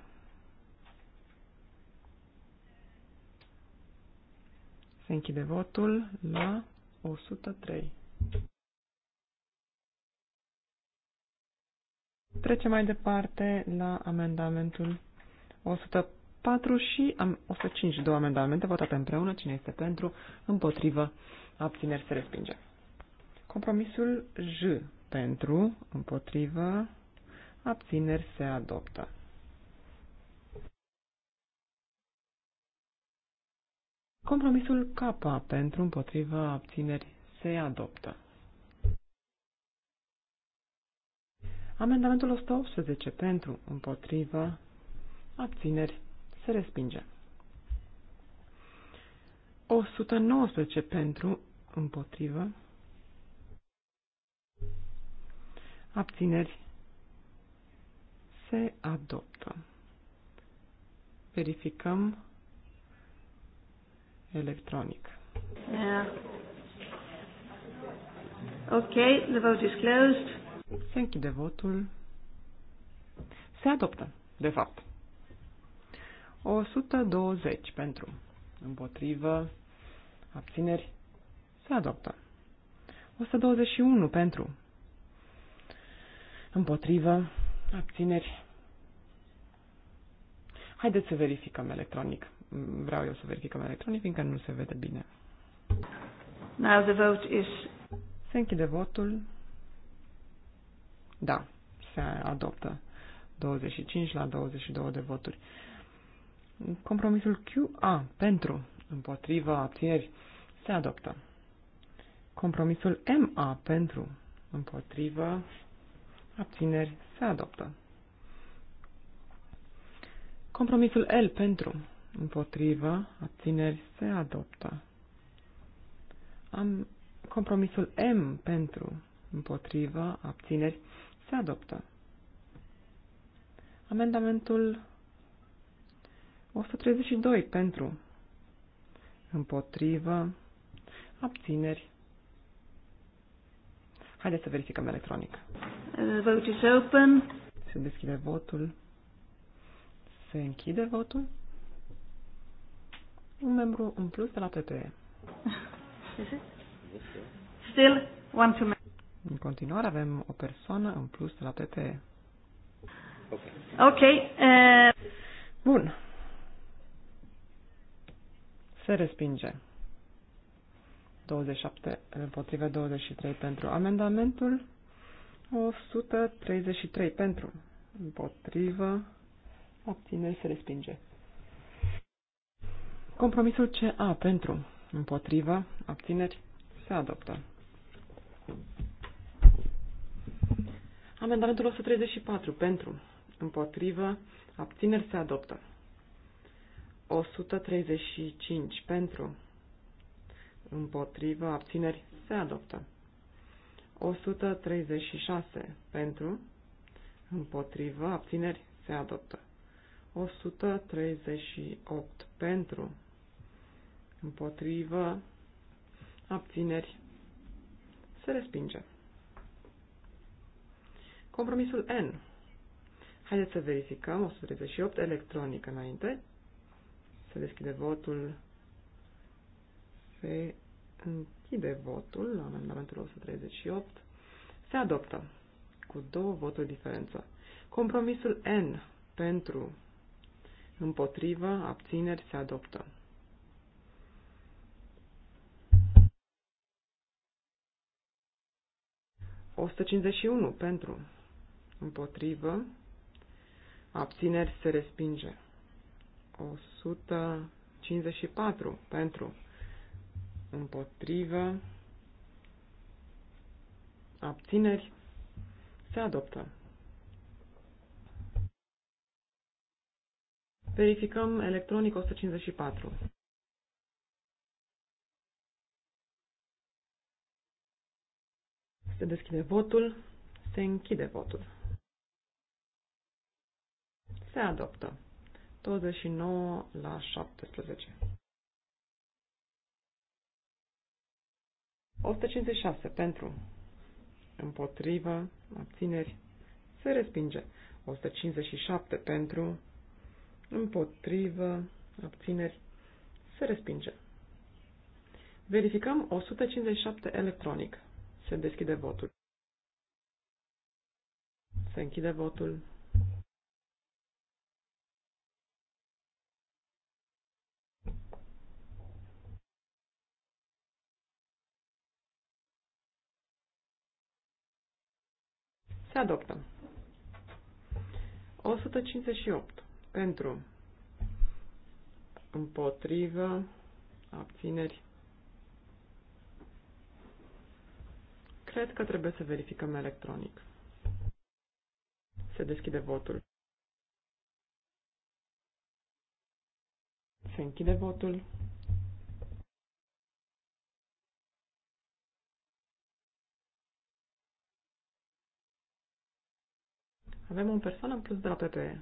Se închide votul la 103. Trecem mai departe la amendamentul 104. 4 și 105, două amendamente votate împreună, cine este pentru, împotrivă, abțineri se respinge. Compromisul J pentru, împotrivă, abțineri se adoptă. Compromisul K pentru împotrivă abțineri se adoptă. Amendamentul 118 pentru împotrivă abțineri se respinge. 119 pentru, împotrivă, abțineri, se adoptă. Verificăm electronic. Yeah. Ok, the vote is closed. Se închide votul. Se adoptă, de fapt. 120 pentru. Împotrivă. Abțineri. Se adoptă. 121 pentru. Împotrivă. Abțineri. Haideți să verificăm electronic. Vreau eu să verificăm electronic, fiindcă nu se vede bine. Now the vote is... Se închide votul. Da, se adoptă. 25 la 22 de voturi. Compromisul QA pentru, împotriva, abțineri se adoptă. Compromisul MA pentru, împotriva, abțineri se adoptă. Compromisul L pentru, împotriva, abțineri se adoptă. Am compromisul M pentru, împotriva, abțineri se adoptă. Amendamentul 132 pentru, împotrivă, abțineri. Haideți să verificăm electronic. The vote is open. Se deschide votul. Se închide votul. Un membru în plus de la PPE. Still one to many. În continuare avem o persoană în plus de la PPE. Ok. okay. Uh... Bun. Se respinge. 27 împotriva 23 pentru. Amendamentul 133 pentru. Împotrivă. Abțineri se respinge. Compromisul CA pentru. Împotrivă. Abțineri se adoptă. Amendamentul 134 pentru. Împotrivă. Abțineri se adoptă. 135 pentru, împotrivă, abțineri, se adoptă. 136 pentru, împotrivă, abțineri, se adoptă. 138 pentru, împotrivă, abțineri, se respinge. Compromisul N. Haideți să verificăm 138 electronic înainte. Se deschide votul. Se închide votul la amendamentul 138. Se adoptă cu două voturi diferență. Compromisul N pentru împotrivă abțineri se adoptă. O 151 pentru împotrivă abțineri se respinge. 154 pentru împotrivă abțineri se adoptă. Verificăm electronic 154. Se deschide votul, se închide votul. Se adoptă. 29 la 17. 156 pentru împotrivă, abțineri, se respinge. 157 pentru, împotrivă, abțineri, se respinge. Verificăm 157 electronic. Se deschide votul. Se închide votul. Se adoptă. 158. Pentru. Împotrivă. Abțineri. Cred că trebuie să verificăm electronic. Se deschide votul. Se închide votul. Avem o persoană în plus de la PPE.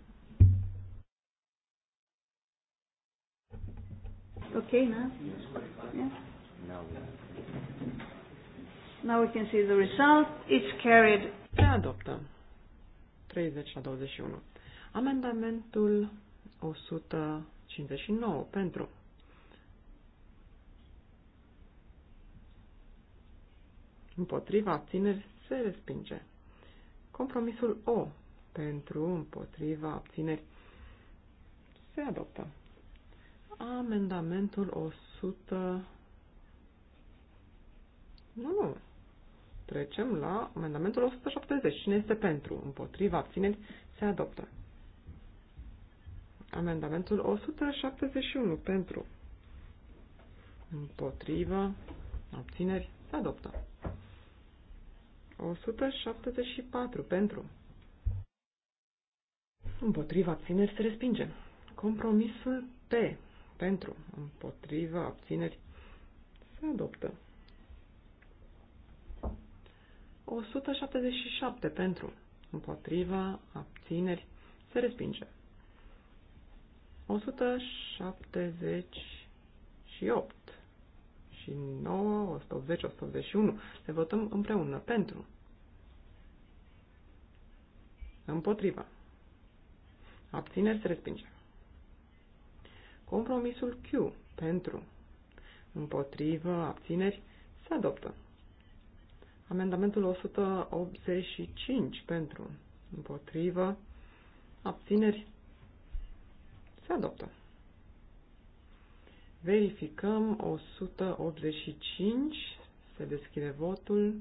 Ok, nu? Yeah. Now we can see the result. It's carried. Se adoptă. 30 la 21. Amendamentul 159 pentru Împotriva abțineri se respinge. Compromisul O pentru, împotriva, abțineri, se adoptă. Amendamentul 100... Nu, nu. Trecem la amendamentul 170. Cine este pentru? Împotriva, abțineri, se adoptă. Amendamentul 171 pentru împotriva abțineri se adoptă. 174 pentru Împotriva abțineri se respinge. Compromisul P. Pentru. Împotriva abțineri se adoptă. 177 pentru. Împotriva abțineri se respinge. 178 și 9, 180, 181. Le votăm împreună pentru. Împotriva. Abțineri se respinge. Compromisul Q pentru împotrivă abțineri se adoptă. Amendamentul 185 pentru împotrivă abțineri se adoptă. Verificăm 185, se deschide votul,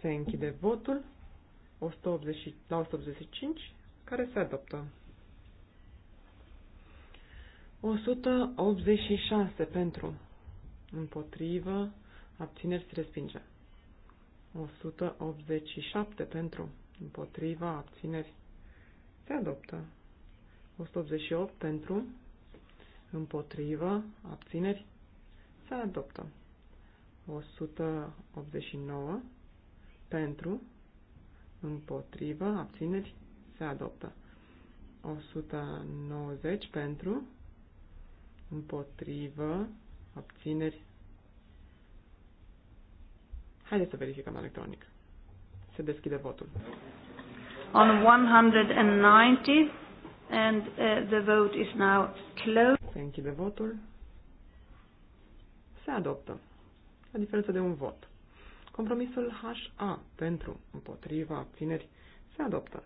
se închide votul. 180, la 185, care se adoptă. 186 pentru, împotrivă, abțineri se respinge. 187 pentru, împotriva, abțineri se adoptă. 188 pentru, împotriva, abțineri se adoptă. 189 pentru, împotrivă, abțineri, se adoptă. 190 pentru, împotrivă, abțineri. Haideți să verificăm electronic. Se deschide votul. On 190 and uh, the vote is now closed. Se închide votul. Se adoptă. La diferență de un vot. Compromisul HA pentru, împotriva, abțineri se adoptă.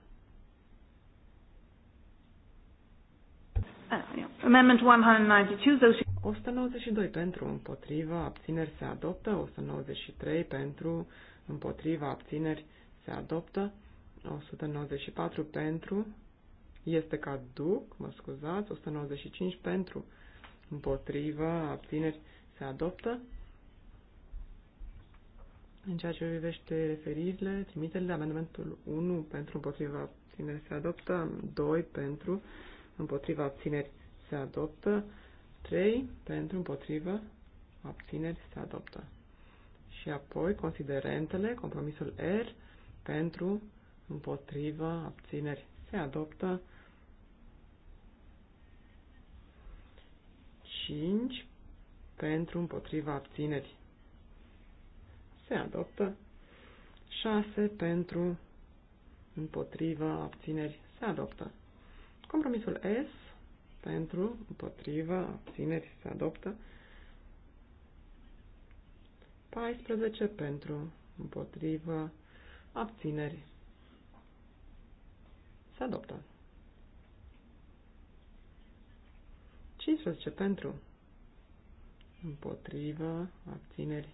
Ah, Amendment 192, those... 192 pentru, împotriva, abțineri se adoptă, 193 pentru, împotriva, abțineri se adoptă, 194 pentru, este caduc, mă scuzați, 195 pentru, împotriva, abțineri se adoptă, în ceea ce privește referirile, trimiterile, amendamentul 1 pentru împotriva abțineri se adoptă, 2 pentru împotriva abțineri se adoptă, 3 pentru împotriva abțineri se adoptă. Și apoi considerentele, compromisul R pentru împotriva abțineri se adoptă, 5 pentru împotriva abțineri se adoptă. 6 pentru, împotriva, abțineri, se adoptă. Compromisul S pentru, împotriva, abțineri, se adoptă. 14 pentru, împotriva, abțineri, se adoptă. 15 pentru, împotriva, abțineri,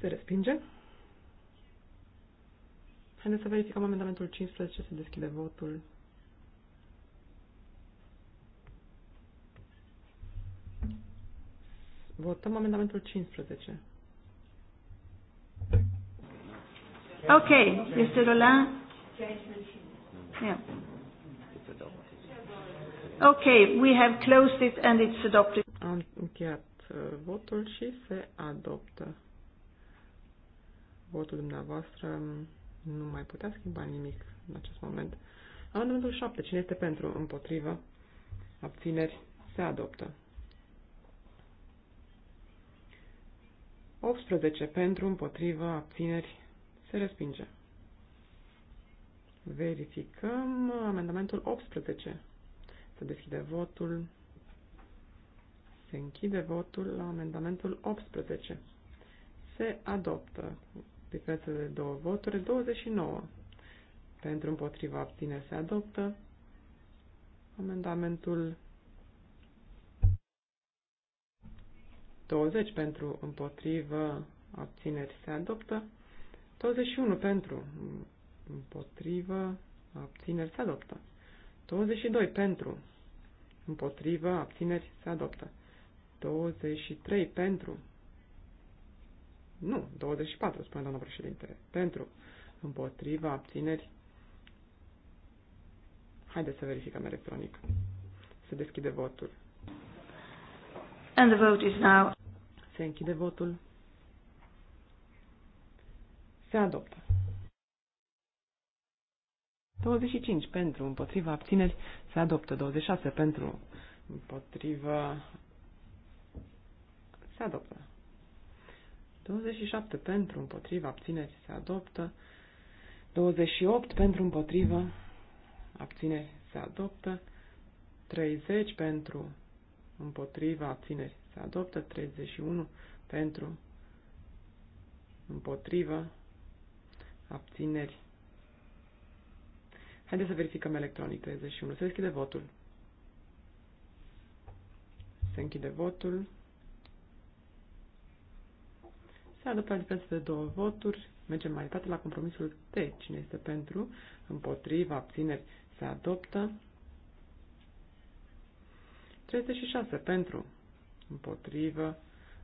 Se respinge. Haideți să verificăm amendamentul 15, se deschide votul. Votăm amendamentul 15. Ok, este Roland. Yeah. Ok, we have closed it and it's adopted. Am încheiat uh, votul și se adoptă votul dumneavoastră nu mai putea schimba nimic în acest moment. Amendamentul 7. Cine este pentru? Împotrivă? Abțineri? Se adoptă. 18. Pentru, împotrivă, abțineri, se respinge. Verificăm amendamentul 18. Se deschide votul. Se închide votul la amendamentul 18. Se adoptă ridicată de două voturi, 29. Pentru împotriva abțineri se adoptă. Amendamentul 20 pentru împotrivă abțineri se adoptă. 21 pentru împotrivă abțineri se adoptă. 22 pentru împotrivă abțineri se adoptă. 23 pentru nu, 24, spune doamna președinte. Pentru, împotriva, abțineri. Haideți să verificăm electronic. Se deschide votul. And the vote is now. Se închide votul. Se adoptă. 25 pentru, împotriva, abțineri. Se adoptă. 26 pentru, împotriva, se adoptă. 27 pentru, împotriva, abțineri, se adoptă. 28 pentru, împotriva, abțineri, se adoptă. 30 pentru, împotriva, abțineri, se adoptă. 31 pentru, împotriva, abțineri. Haideți să verificăm electronic 31. Se deschide votul. Se închide votul. Se adoptă la diferență de două voturi. Mergem mai departe la compromisul T. Cine este pentru? Împotriva, abțineri, se adoptă. 36 pentru, împotrivă,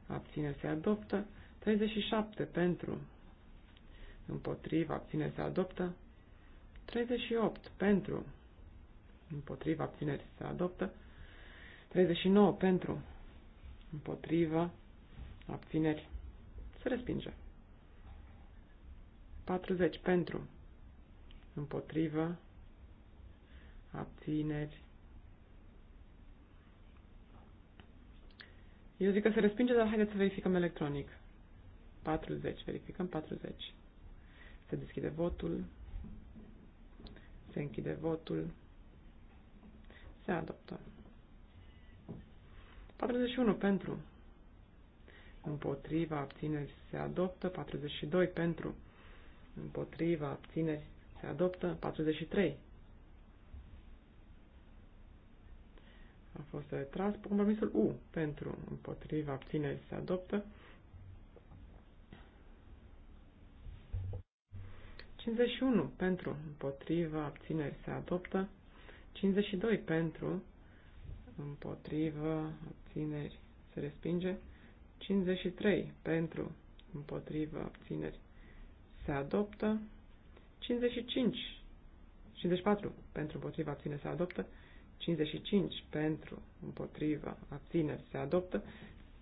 abțineri, se adoptă. 37 pentru, împotriva abțineri, se adoptă. 38 pentru, împotriva abțineri, se adoptă. 39 pentru, împotriva abțineri, se respinge. 40 pentru. Împotrivă. Abțineri. Eu zic că se respinge, dar haideți să verificăm electronic. 40. Verificăm 40. Se deschide votul. Se închide votul. Se adoptă. 41 pentru împotriva abțineri se adoptă, 42 pentru, împotriva abțineri se adoptă, 43. A fost retras compromisul U pentru, împotriva abțineri se adoptă, 51 pentru, împotriva abțineri se adoptă, 52 pentru, împotriva abțineri se respinge, 53 pentru, împotrivă, abțineri, se adoptă. 55, 54 pentru, împotrivă, abțineri, se adoptă. 55 pentru, împotriva, abțineri, se adoptă.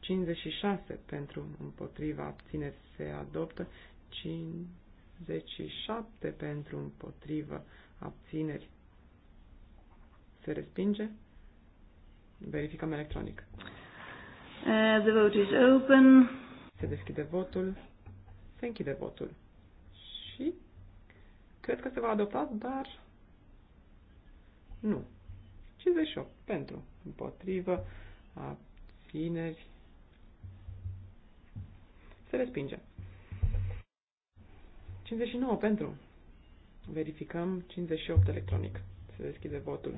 56 pentru, împotriva, abțineri, se adoptă. 57 pentru, împotriva, abțineri, se respinge. Verificăm electronic. Uh, the vote is open. Se deschide votul. Se închide votul. Și cred că se va adopta, dar nu. 58 pentru, împotrivă, abțineri. Se respinge. 59 pentru. Verificăm 58 electronic. Se deschide votul.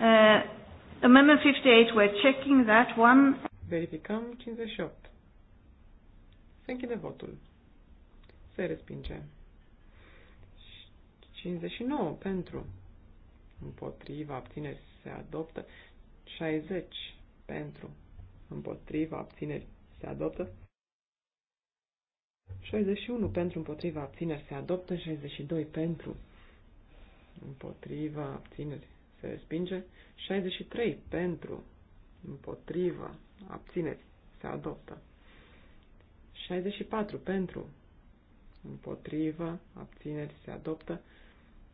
Uh, Amendment 58, we're checking that one. Verificăm 58. Se închide votul. Se respinge. 59 pentru. Împotriva abțineri se adoptă. 60 pentru. Împotriva abțineri se adoptă. 61 pentru împotriva abțineri se adoptă, 62 pentru împotriva abțineri se respinge. 63 pentru, împotrivă, abțineți, se adoptă. 64 pentru, împotrivă, abțineri, se adoptă.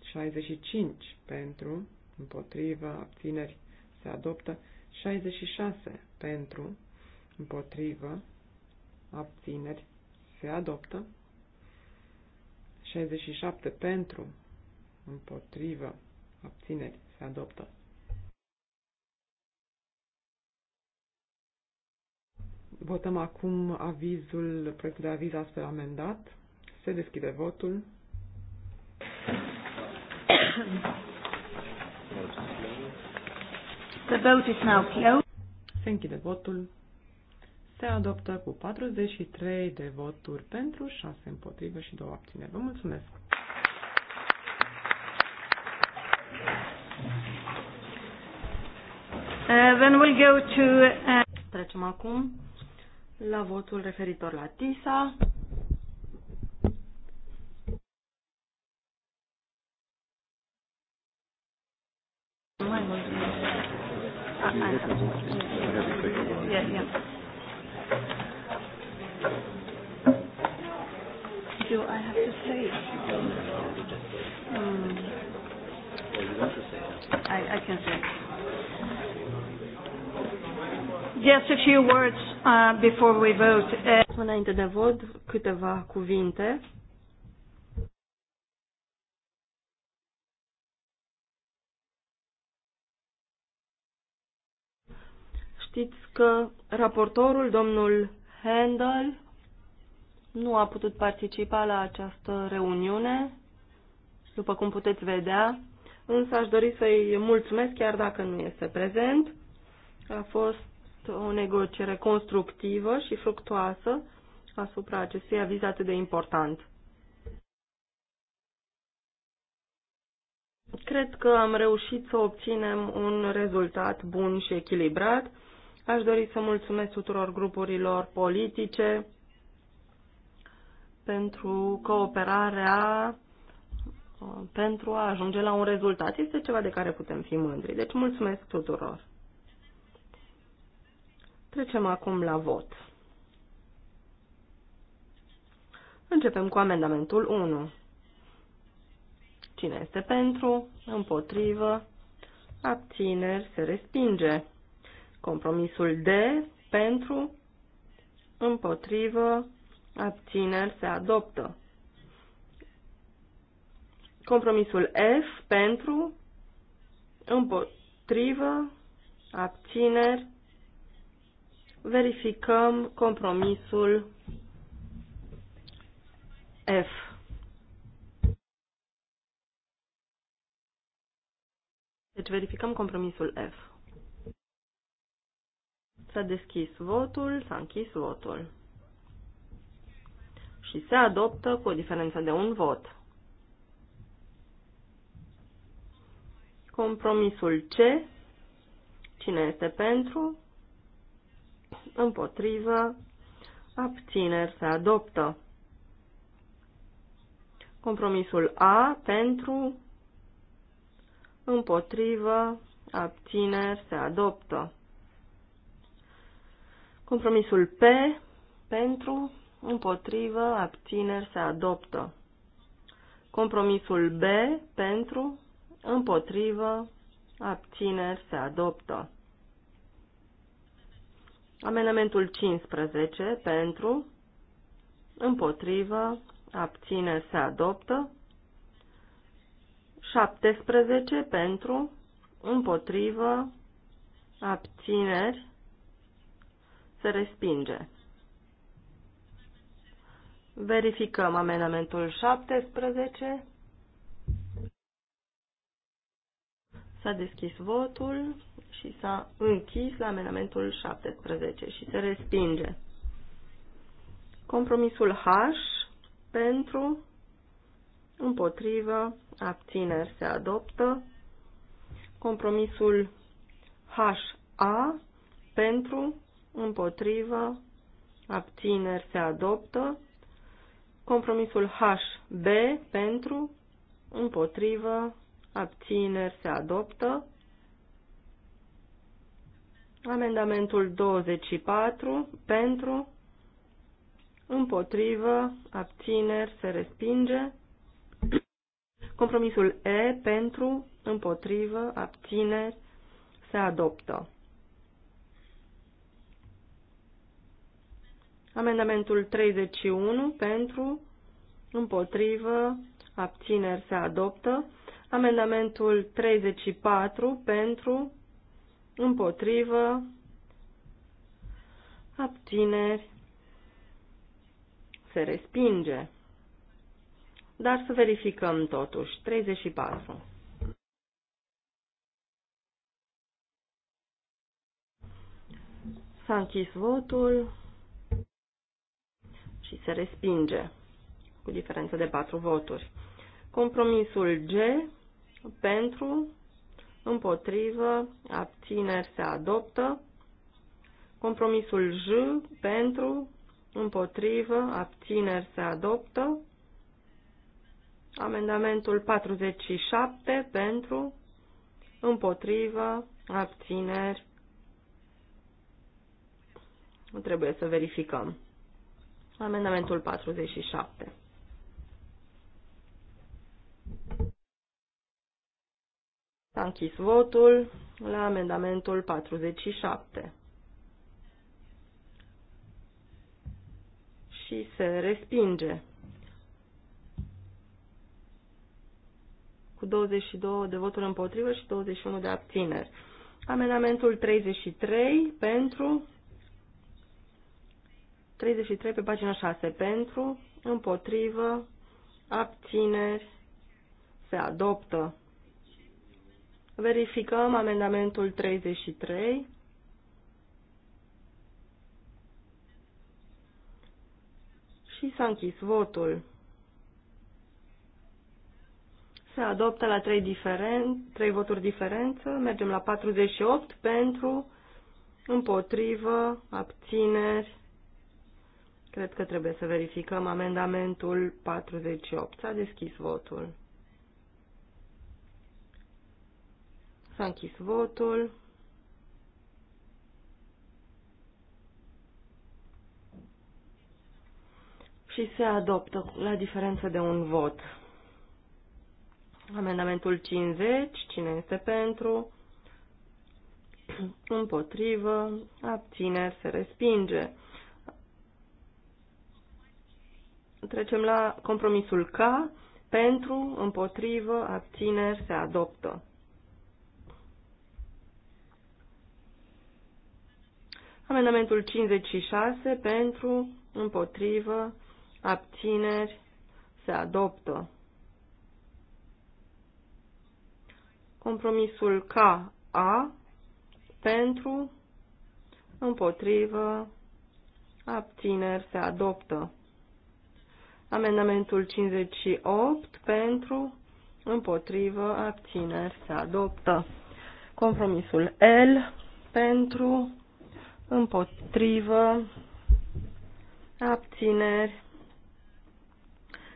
65 pentru, împotrivă, abțineri, se adoptă. 66 pentru, împotrivă, abțineri, se adoptă. 67 pentru, împotrivă, abțineri, se adoptă. Votăm acum avizul, proiectul de aviz astfel amendat. Se deschide votul. The vote is now closed. Se închide votul. Se adoptă cu 43 de voturi pentru, 6 împotrivă și 2 abțineri. Vă mulțumesc! Uh, then we'll go to... Uh... Trecem acum la votul referitor la TISA. few words uh, before we vote. Uh, Înainte de vot, câteva cuvinte. Știți că raportorul, domnul Handel, nu a putut participa la această reuniune, după cum puteți vedea, însă aș dori să-i mulțumesc chiar dacă nu este prezent. A fost o negociere constructivă și fructuoasă asupra acestui aviz atât de important. Cred că am reușit să obținem un rezultat bun și echilibrat. Aș dori să mulțumesc tuturor grupurilor politice pentru cooperarea pentru a ajunge la un rezultat. Este ceva de care putem fi mândri. Deci mulțumesc tuturor! Trecem acum la vot. Începem cu amendamentul 1. Cine este pentru, împotrivă, abțineri, se respinge. Compromisul D, pentru, împotrivă, abțineri, se adoptă. Compromisul F, pentru, împotrivă, abțineri, verificăm compromisul F. Deci verificăm compromisul F. S-a deschis votul, s-a închis votul. Și se adoptă cu o diferență de un vot. Compromisul C. Cine este pentru? împotrivă, abțineri se adoptă. Compromisul A pentru, împotrivă, abțineri se adoptă. Compromisul P pentru, împotrivă, abțineri se adoptă. Compromisul B pentru, împotrivă, abțineri se adoptă. Amendamentul 15 pentru, împotrivă, abține, se adoptă. 17 pentru, împotrivă, abțineri, se respinge. Verificăm amendamentul 17. S-a deschis votul și s-a închis la amenamentul 17 și se respinge. Compromisul H pentru, împotrivă, abțineri se adoptă. Compromisul HA pentru, împotrivă, abțineri se adoptă. Compromisul HB pentru, împotrivă, abțineri se adoptă. Amendamentul 24 pentru, împotrivă, abțineri, se respinge. Compromisul E pentru, împotrivă, abțineri, se adoptă. Amendamentul 31 pentru, împotrivă, abțineri se adoptă. Amendamentul 34 pentru, împotrivă, abțineri, se respinge. Dar să verificăm totuși. 34. S-a închis votul și se respinge cu diferență de 4 voturi. Compromisul G pentru împotrivă, abțineri se adoptă. Compromisul J pentru, împotrivă, abțineri se adoptă. Amendamentul 47 pentru, împotrivă, abțineri. Trebuie să verificăm. Amendamentul 47. S-a închis votul la amendamentul 47. Și se respinge. Cu 22 de voturi împotrivă și 21 de abțineri. Amendamentul 33 pentru 33 pe pagina 6 pentru, împotrivă, abțineri, se adoptă. Verificăm amendamentul 33. Și s-a închis votul. Se adoptă la 3, diferen, 3 voturi diferență. Mergem la 48 pentru, împotrivă, abțineri. Cred că trebuie să verificăm amendamentul 48. S-a deschis votul. S-a închis votul. Și se adoptă la diferență de un vot. Amendamentul 50, cine este pentru, împotrivă, abțineri, se respinge. Trecem la compromisul K, pentru, împotrivă, abțineri, se adoptă. Amendamentul 56 pentru, împotrivă, abțineri, se adoptă. Compromisul KA pentru, împotrivă, abțineri, se adoptă. Amendamentul 58 pentru, împotrivă, abțineri, se adoptă. Compromisul L pentru, împotrivă, abțineri.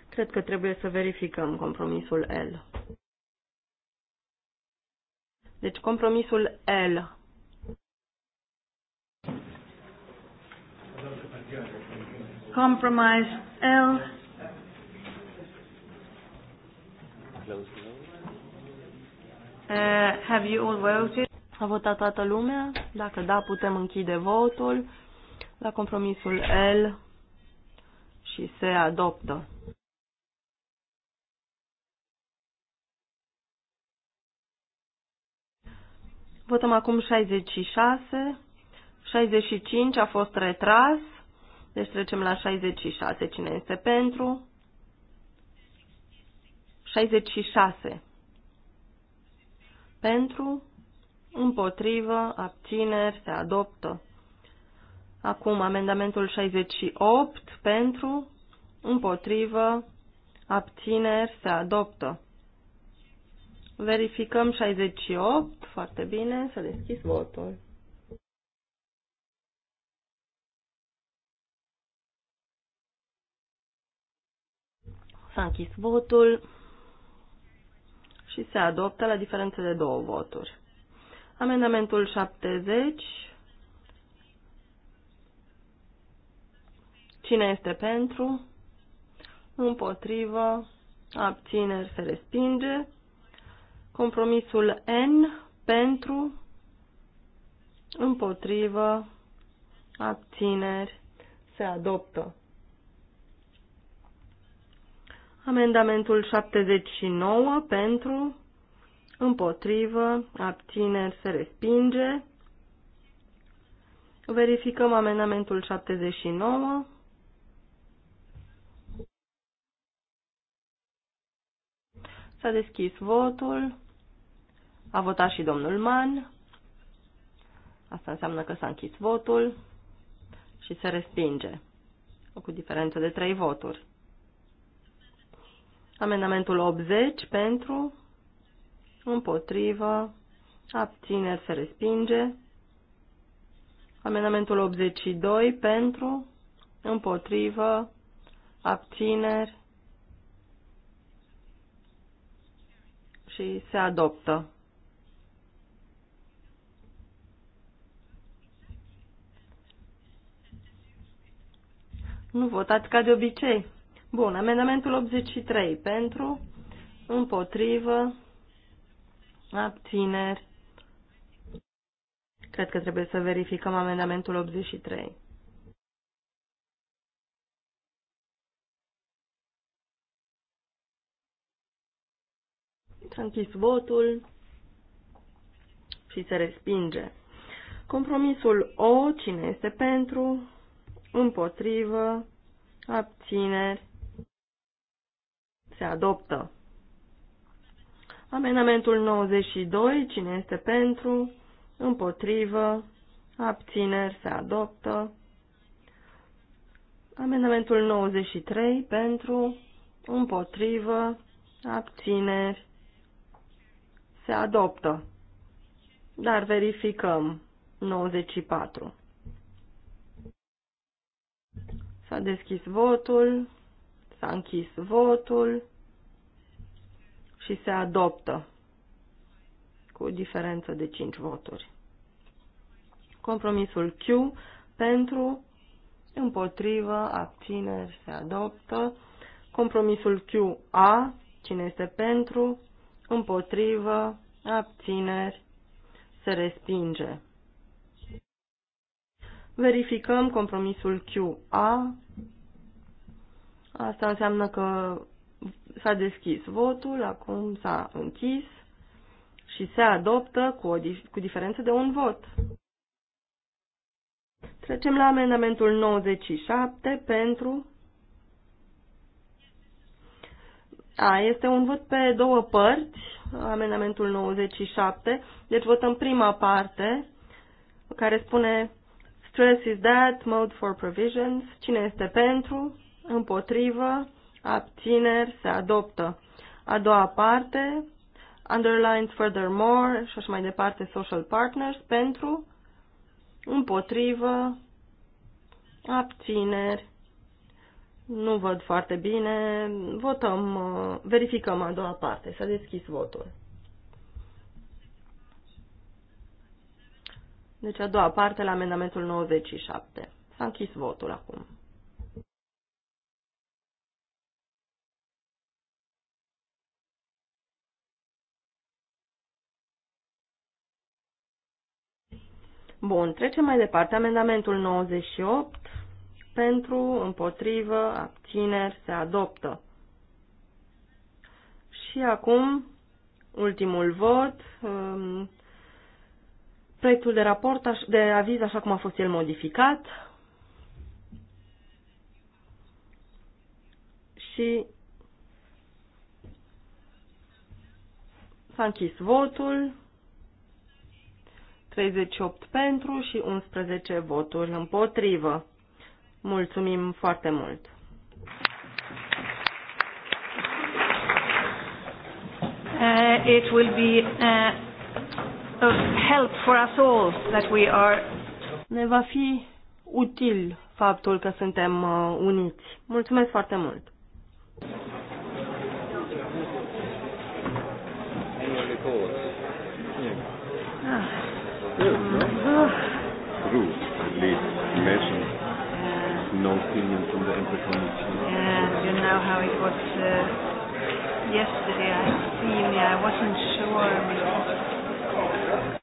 Cred că trebuie să verificăm compromisul L. Deci compromisul L. Compromise L. Uh, have you all voted? A votat toată lumea? Dacă da, putem închide votul. La compromisul L și se adoptă. Votăm acum 66. 65 a fost retras. Deci trecem la 66. Cine este pentru? 66. Pentru? împotrivă, abțineri, se adoptă. Acum amendamentul 68 pentru, împotrivă, abțineri, se adoptă. Verificăm 68, foarte bine, să deschis votul. S-a închis votul și se adoptă la diferență de două voturi. Amendamentul 70. Cine este pentru? Împotrivă. Abțineri se respinge. Compromisul N pentru. Împotrivă. Abțineri se adoptă. Amendamentul 79 pentru împotrivă, abțineri, se respinge. Verificăm amendamentul 79. S-a deschis votul. A votat și domnul Man. Asta înseamnă că s-a închis votul și se respinge, cu diferență de 3 voturi. Amendamentul 80 pentru, împotrivă, abțineri se respinge. Amendamentul 82 pentru, împotrivă, abțineri și se adoptă. Nu votați ca de obicei. Bun, amendamentul 83 pentru, împotrivă, abțineri. Cred că trebuie să verificăm amendamentul 83. S-a închis votul și se respinge. Compromisul O, cine este pentru, împotrivă, abțineri, se adoptă. Amendamentul 92, cine este pentru, împotrivă, abțineri, se adoptă. Amendamentul 93, pentru, împotrivă, abțineri, se adoptă. Dar verificăm. 94. S-a deschis votul, s-a închis votul și se adoptă cu diferență de 5 voturi. Compromisul Q pentru, împotrivă, abțineri, se adoptă. Compromisul QA, cine este pentru, împotrivă, abțineri, se respinge. Verificăm compromisul QA. Asta înseamnă că S-a deschis votul, acum s-a închis și se adoptă cu, o, cu diferență de un vot. Trecem la amendamentul 97 pentru... A, este un vot pe două părți, amendamentul 97, deci votăm prima parte care spune Stress is that, mode for provisions, cine este pentru, împotrivă, abțineri, se adoptă. A doua parte, underlines furthermore și așa mai departe, social partners, pentru, împotrivă, abțineri, nu văd foarte bine, votăm, uh, verificăm a doua parte, s-a deschis votul. Deci a doua parte la amendamentul 97. S-a închis votul acum. Bun, trecem mai departe. Amendamentul 98 pentru, împotrivă, abțineri, se adoptă. Și acum, ultimul vot, um, proiectul de raport, de aviz, așa cum a fost el modificat. Și s-a închis votul. 38 pentru și 11 voturi împotrivă. Mulțumim foarte mult! Uh, it will be uh, of help for us all that we are. Ne va fi util faptul că suntem uh, uniți. Mulțumesc foarte mult! True. At least imagine no opinion from the Emperor Committee. Yeah, you know how it was uh, yesterday. I seen. Yeah, I wasn't sure.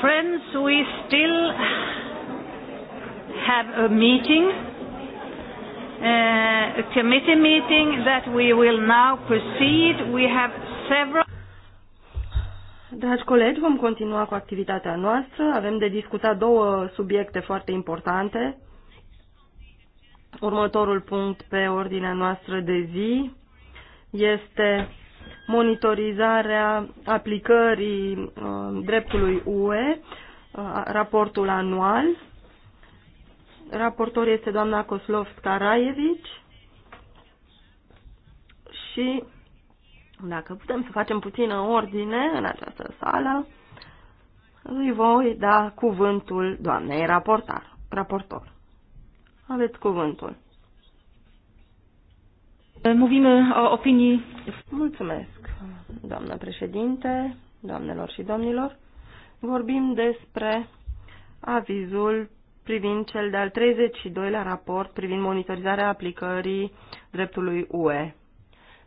Friends, we still have a meeting, uh, a committee meeting that we will now proceed. We have several. Dragi colegi, vom continua cu activitatea noastră. Avem de discutat două subiecte foarte importante. Următorul punct pe ordinea noastră de zi este monitorizarea aplicării uh, dreptului UE, uh, raportul anual. Raportor este doamna Koslov raievici și dacă putem să facem puțină ordine în această sală, îi voi da cuvântul doamnei raportar, raportor. Aveți cuvântul. Mówimy o opinii. Mulțumesc, doamnă președinte, doamnelor și domnilor. Vorbim despre avizul privind cel de-al 32-lea raport privind monitorizarea aplicării dreptului UE.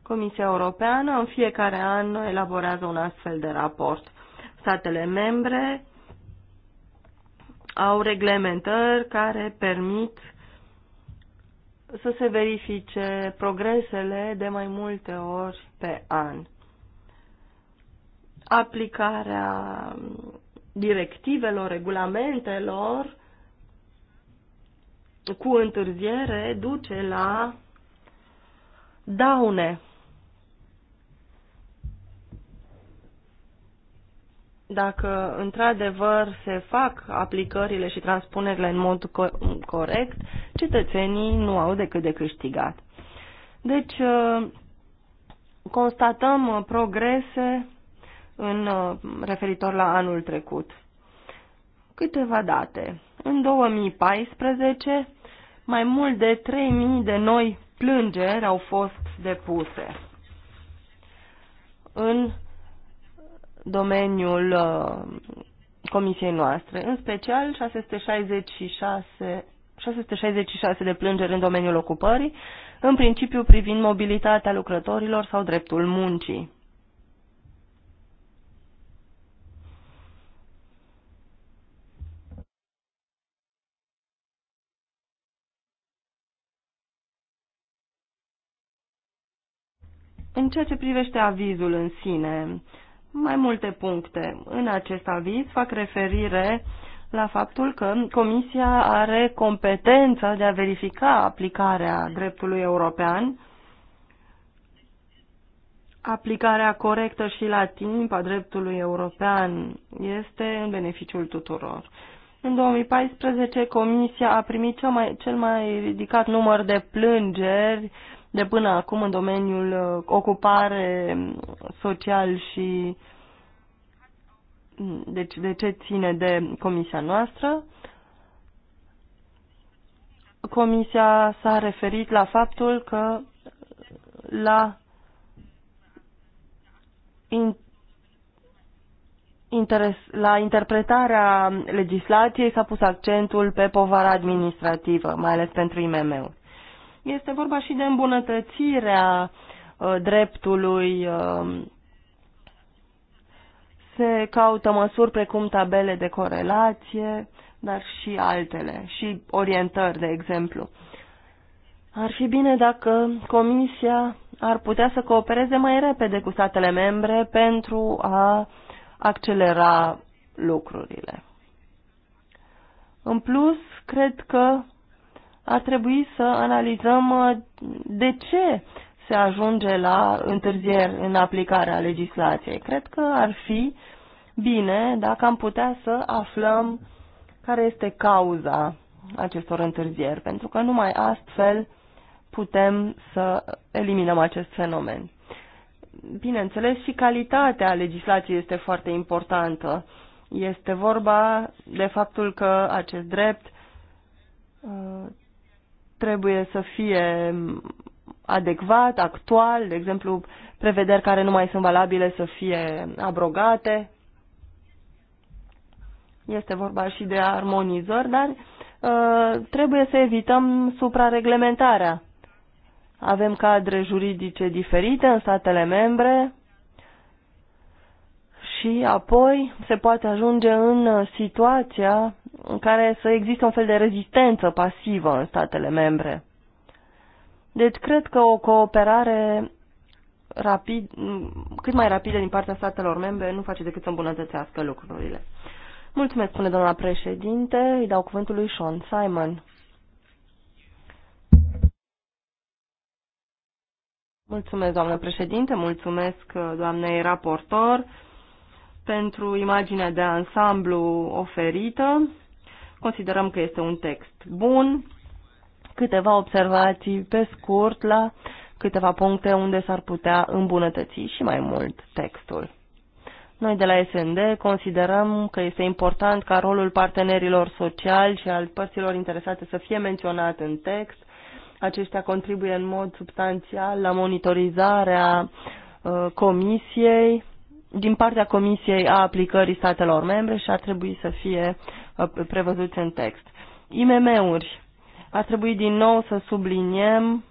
Comisia Europeană în fiecare an elaborează un astfel de raport. Statele membre au reglementări care permit uh, să se verifice progresele de mai multe ori pe an. Aplicarea directivelor, regulamentelor cu întârziere duce la daune dacă într-adevăr se fac aplicările și transpunerile în mod co- corect, cetățenii nu au decât de câștigat. Deci, ă, constatăm progrese în ă, referitor la anul trecut. Câteva date. În 2014, mai mult de 3000 de noi plângeri au fost depuse. În domeniul uh, comisiei noastre, în special 666, 666 de plângeri în domeniul ocupării, în principiu privind mobilitatea lucrătorilor sau dreptul muncii. În ceea ce privește avizul în sine, mai multe puncte. În acest aviz fac referire la faptul că Comisia are competența de a verifica aplicarea dreptului european, aplicarea corectă și la timp a dreptului european este în beneficiul tuturor. În 2014, Comisia a primit cel mai, cel mai ridicat număr de plângeri uh, de până acum în domeniul uh, ocupare mm, social și mm, deci de ce ține de comisia noastră. Comisia s-a referit la faptul că la in, interes, la interpretarea legislației s-a pus accentul pe povara administrativă, mai ales pentru IMM-uri. Este vorba și de îmbunătățirea uh, dreptului. Um, se caută măsuri precum tabele de corelație, dar și altele, și orientări, de exemplu. Ar fi bine dacă Comisia ar putea să coopereze mai repede cu statele membre pentru a accelera lucrurile. În plus, cred că ar trebui să analizăm uh, de ce se ajunge la întârzieri în aplicarea legislației. Cred că ar fi bine dacă am putea să aflăm care este cauza acestor întârzieri, pentru că numai astfel putem să eliminăm acest fenomen. Bineînțeles, și calitatea legislației este foarte importantă. Este vorba de faptul că acest drept uh, trebuie să fie adecvat, actual, de exemplu, prevederi care nu mai sunt valabile să fie abrogate. Este vorba și de armonizări, dar uh, trebuie să evităm suprareglementarea. Avem cadre juridice diferite în statele membre și apoi se poate ajunge în situația în care să existe un fel de rezistență pasivă în statele membre. Deci cred că o cooperare rapid, cât mai rapidă din partea statelor membre nu face decât să îmbunătățească lucrurile. Mulțumesc, spune doamna președinte. Îi dau cuvântul lui Sean Simon. Mulțumesc, doamnă președinte, mulțumesc doamnei raportor pentru imaginea de ansamblu oferită. Considerăm că este un text bun. Câteva observații pe scurt la câteva puncte unde s-ar putea îmbunătăți și mai mult textul. Noi de la SND considerăm că este important ca rolul partenerilor sociali și al părților interesate să fie menționat în text. Aceștia contribuie în mod substanțial la monitorizarea uh, comisiei din partea Comisiei a aplicării statelor membre și ar trebui să fie uh, prevăzuți în text. IMM-uri. Ar trebui din nou să subliniem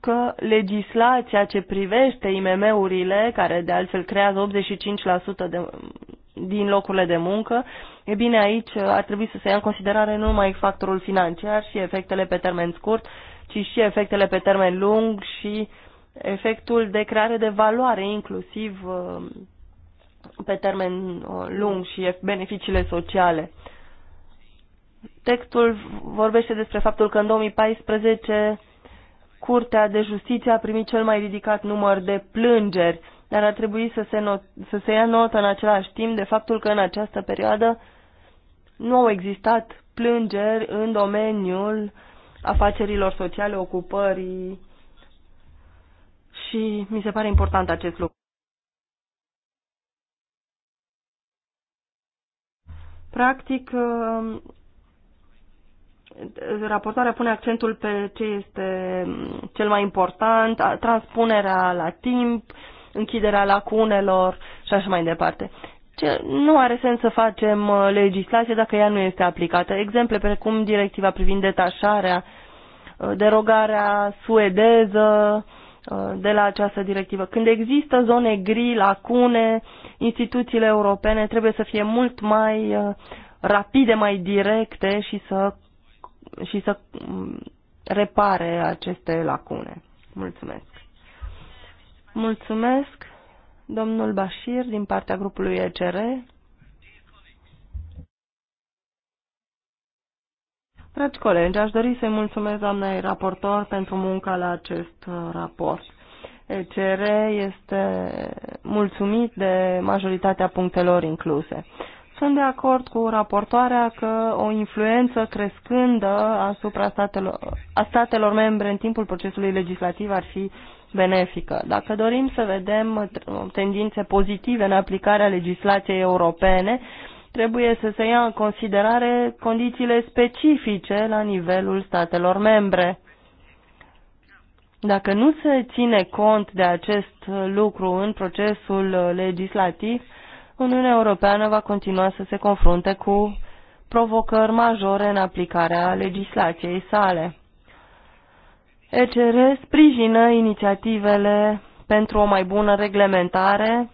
că legislația ce privește IMM-urile, care de altfel creează 85% de, din locurile de muncă, e bine aici uh, ar trebui să se ia în considerare nu numai factorul financiar și efectele pe termen scurt, ci și efectele pe termen lung și uh, efectul de creare de valoare, inclusiv uh, pe termen uh, lung și beneficiile sociale. Textul vorbește despre faptul că în 2014 Curtea de Justiție a primit cel mai ridicat număr de plângeri, dar a trebuit să se, not- să se ia notă în același timp de faptul că în această perioadă nu au existat plângeri în domeniul afacerilor sociale, ocupării și mi se pare important acest lucru. Practic, uh, raportarea pune accentul pe ce este cel mai important, transpunerea la timp, închiderea lacunelor și așa mai departe. Ce nu are sens să facem uh, legislație dacă ea nu este aplicată. Exemple precum directiva privind detașarea, uh, derogarea suedeză, Uh, de la această directivă. Când există zone gri, lacune, instituțiile europene trebuie să fie mult mai uh, rapide, mai directe și să, și să mm, repare aceste lacune. Mulțumesc. Mulțumesc, domnul Bashir, din partea grupului ECR. Dragi colegi, aș dori să-i mulțumesc doamnei raportor pentru munca la acest uh, raport. ECR este mulțumit de majoritatea punctelor incluse. Sunt de acord cu raportoarea că o influență crescândă asupra statelor, a statelor membre în timpul procesului legislativ ar fi benefică. Dacă dorim să vedem uh, tendințe pozitive în aplicarea legislației europene, trebuie să se ia în considerare condițiile specifice la nivelul statelor membre. Dacă nu se ține cont de acest lucru în procesul legislativ, Uniunea Europeană va continua să se confrunte cu provocări majore în aplicarea legislației sale. ECR sprijină inițiativele pentru o mai bună reglementare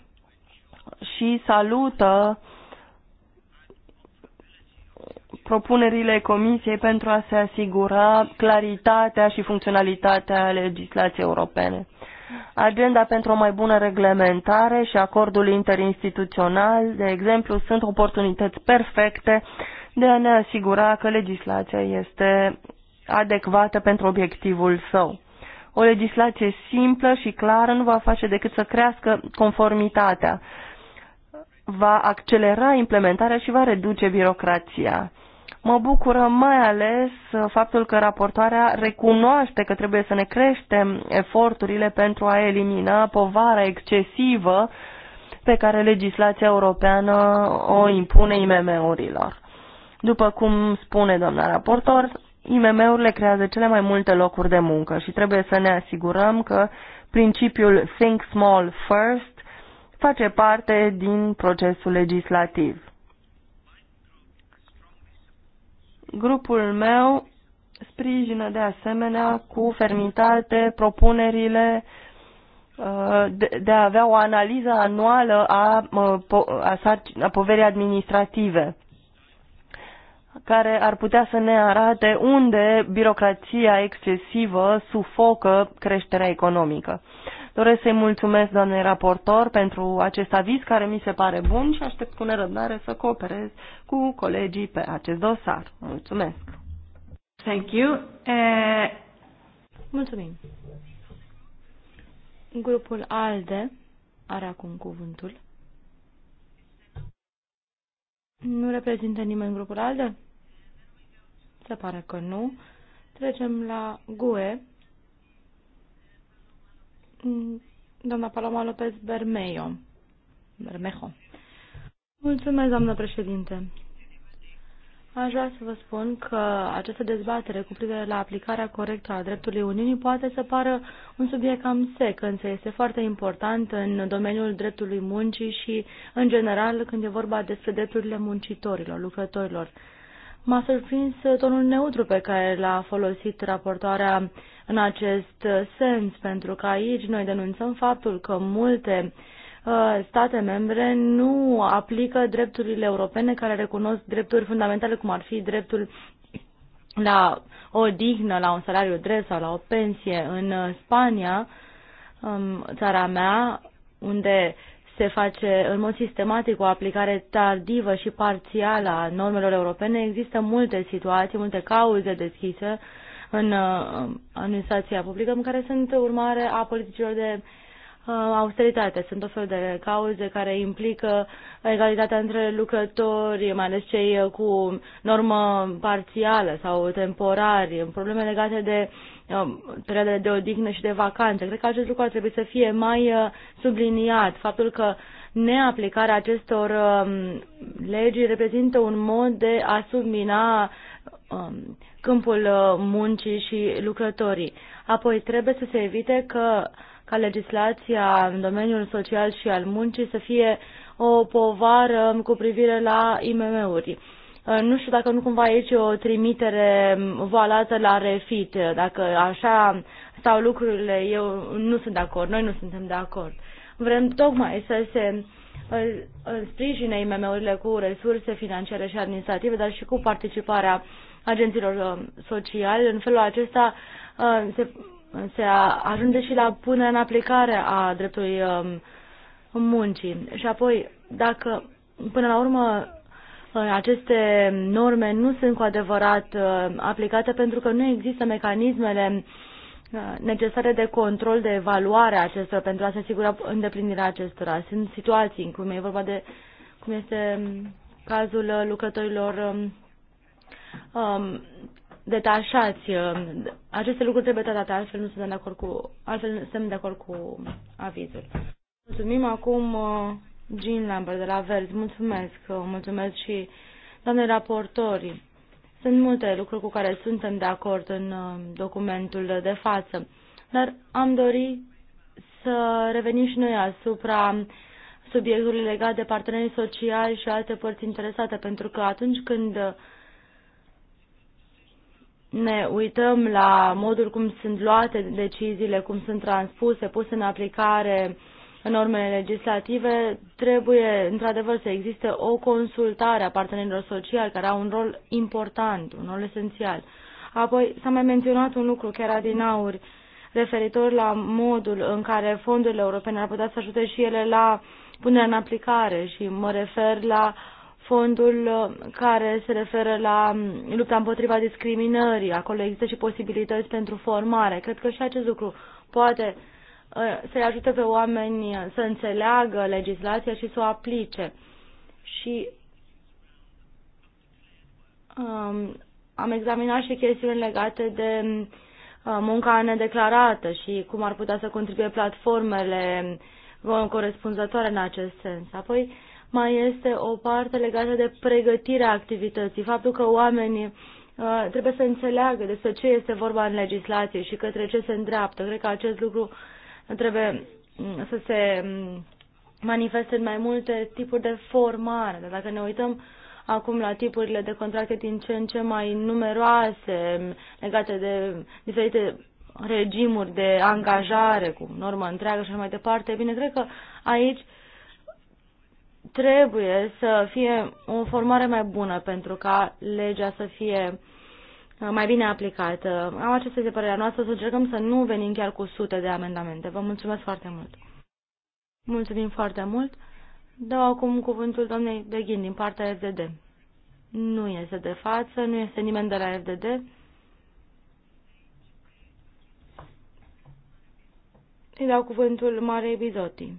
și salută propunerile Comisiei pentru a se asigura claritatea și funcționalitatea legislației europene. Agenda pentru o mai bună reglementare și acordul interinstituțional, de exemplu, sunt oportunități perfecte de a ne asigura că legislația este adecvată pentru obiectivul său. O legislație simplă și clară nu va face decât să crească conformitatea, va accelera implementarea și va reduce birocrația. Mă bucură mai ales uh, faptul că raportoarea recunoaște că trebuie să ne creștem eforturile pentru a elimina povara excesivă pe care legislația europeană o impune IMM-urilor. După cum spune doamna raportor, IMM-urile creează cele mai multe locuri de muncă și trebuie să ne asigurăm că principiul Think Small First face parte din procesul legislativ. Grupul meu sprijină de asemenea cu fermitate propunerile uh, de a avea o analiză anuală a, uh, a, a poverii administrative, care ar putea să ne arate unde birocrația excesivă sufocă creșterea economică. Doresc să-i mulțumesc doamnei raportor pentru acest aviz care mi se pare bun și aștept cu nerăbdare să cooperez cu colegii pe acest dosar. Mulțumesc! Thank you. Uh... Mulțumim! Grupul ALDE are acum cuvântul. Nu reprezintă nimeni grupul ALDE? Se pare că nu. Trecem la GUE, Doamna Paloma Lopez Bermejo. Bermejo. Mulțumesc, doamnă președinte. Aș vrea să vă spun că această dezbatere cu privire la aplicarea corectă a dreptului Uniunii poate să pară un subiect cam sec, însă este foarte important în domeniul dreptului muncii și, în general, când e vorba despre drepturile muncitorilor, lucrătorilor. M-a surprins uh, tonul neutru pe care l-a folosit raportoarea în acest uh, sens, pentru că aici noi denunțăm faptul că multe uh, state membre nu aplică drepturile europene care recunosc drepturi fundamentale, cum ar fi dreptul la o dignă, la un salariu drept sau la o pensie. În Spania, um, țara mea, unde se face în mod sistematic o aplicare tardivă și parțială a normelor europene, există multe situații, multe cauze deschise în uh, administrația publică, în care sunt urmare a politicilor de uh, austeritate. Sunt o fel de cauze care implică egalitatea între lucrători, mai ales cei cu normă parțială sau temporari, probleme legate de uh, Um, perioadele de odihnă și de vacanță. Cred că acest lucru ar trebui să fie mai uh, subliniat, faptul că neaplicarea acestor um, legi reprezintă un mod de a submina um, câmpul uh, muncii și lucrătorii. Apoi trebuie să se evite că ca legislația în domeniul social și al muncii să fie o povară cu privire la IMM-uri. Uh, nu știu dacă nu cumva aici o trimitere voalată la refit. Dacă așa stau lucrurile, eu nu sunt de acord, noi nu suntem de acord. Vrem tocmai să se uh, uh, sprijine IMM-urile cu resurse financiare și administrative, dar și cu participarea agenților sociale, În felul acesta se, se ajunge și la punerea în aplicare a dreptului um, muncii. Și apoi, dacă până la urmă Uh, aceste norme nu sunt cu adevărat uh, aplicate pentru că nu există mecanismele uh, necesare de control, de evaluare a acestora pentru a se asigura îndeplinirea acestora. Sunt situații în cum e vorba de cum este um, cazul lucrătorilor um, um detașați. Aceste lucruri trebuie tratate, altfel nu suntem de acord cu, altfel suntem de acord cu avizul. Mulțumim acum Jean Lambert de la Verzi. Mulțumesc, uh, mulțumesc și doamnei raportorii. Sunt multe lucruri cu care suntem de acord în uh, documentul de față, dar am dorit să revenim și noi asupra subiectului legat de partenerii sociali și alte părți interesate, pentru că atunci când ne uităm la modul cum sunt luate deciziile, cum sunt transpuse, puse în aplicare normele legislative, trebuie într-adevăr să existe o consultare a partenerilor sociali care au un rol important, un rol esențial. Apoi s-a mai menționat un lucru chiar adinauri referitor la modul în care fondurile europene ar putea să ajute și ele la punerea în aplicare și mă refer la fondul uh, care se referă la um, lupta împotriva discriminării. Acolo există și posibilități pentru formare. Cred că și acest lucru poate uh, să-i ajute pe oameni uh, să înțeleagă legislația și să o aplice. Și um, am examinat și chestiuni legate de uh, munca nedeclarată și cum ar putea să contribuie platformele uh, corespunzătoare în acest sens. Apoi mai este o parte legată de pregătirea activității, faptul că oamenii trebuie să înțeleagă despre ce este vorba în legislație și către ce se îndreaptă. Cred că acest lucru trebuie mm, să se mm, manifeste în mai multe tipuri de formare. Dar dacă ne uităm acum la tipurile de contracte din ce în ce mai numeroase, mm, legate de diferite regimuri de angajare cu normă întreagă și așa mai departe, bine, cred că aici trebuie să fie o formare mai bună pentru ca legea să fie Uh, mai bine aplicată. Uh, am aceste de părerea noastră să încercăm să nu venim chiar cu sute de amendamente. Vă mulțumesc foarte mult. Mulțumim foarte mult. Dau acum cuvântul doamnei Beghin din partea FDD. Nu este de față, nu este nimeni de la FDD. Îi dau cuvântul Marei Bizoti.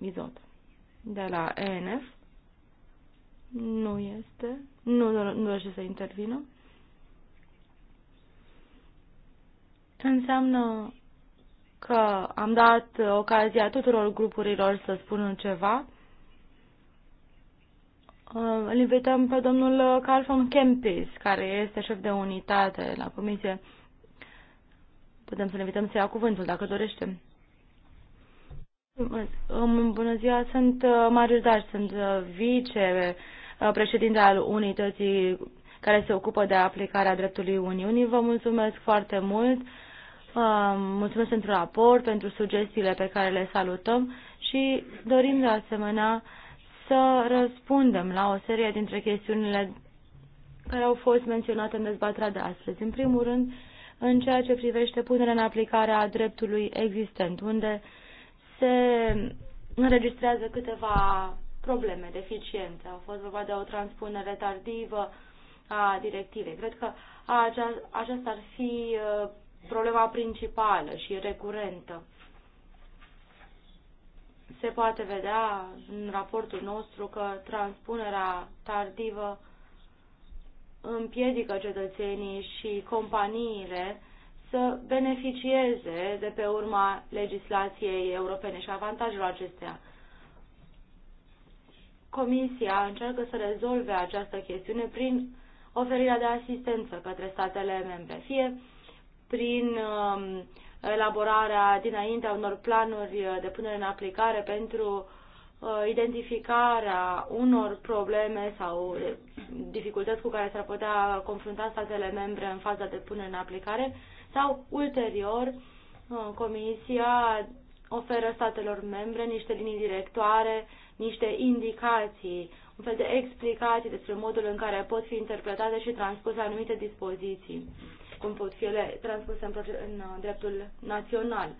Bizot. De la ENF. Nu este. Nu, nu, nu dorește să intervină. înseamnă că am dat ocazia tuturor grupurilor să spună ceva. Uh, îl invităm pe domnul Carl von Kempis, care este șef de unitate la comisie. Putem să-l invităm să ia cuvântul, dacă dorește. Bună ziua, sunt uh, Marius Daș, sunt uh, vice președinte al unității care se ocupă de aplicarea dreptului Uniunii. Vă mulțumesc foarte mult Uh, mulțumesc pentru raport, pentru sugestiile pe care le salutăm și dorim de asemenea să răspundem la o serie dintre chestiunile care au fost menționate în dezbaterea de astăzi. În primul rând, în ceea ce privește punerea în aplicare a dreptului existent, unde se înregistrează câteva probleme, deficiențe. Au fost vorba de o transpunere tardivă a directivei. Cred că aceasta ar fi uh, problema principală și recurentă. Se poate vedea în raportul nostru că transpunerea tardivă împiedică cetățenii și companiile să beneficieze de pe urma legislației europene și avantajul acesteia. Comisia încearcă să rezolve această chestiune prin oferirea de asistență către statele membre, fie prin um, elaborarea dinaintea unor planuri de punere în aplicare pentru uh, identificarea unor probleme sau dificultăți cu care s-ar putea confrunta statele membre în faza de punere în aplicare sau ulterior uh, Comisia oferă statelor membre niște linii directoare, niște indicații, un fel de explicații despre modul în care pot fi interpretate și transpuse anumite dispoziții cum pot fi ele transpuse în, în uh, dreptul național.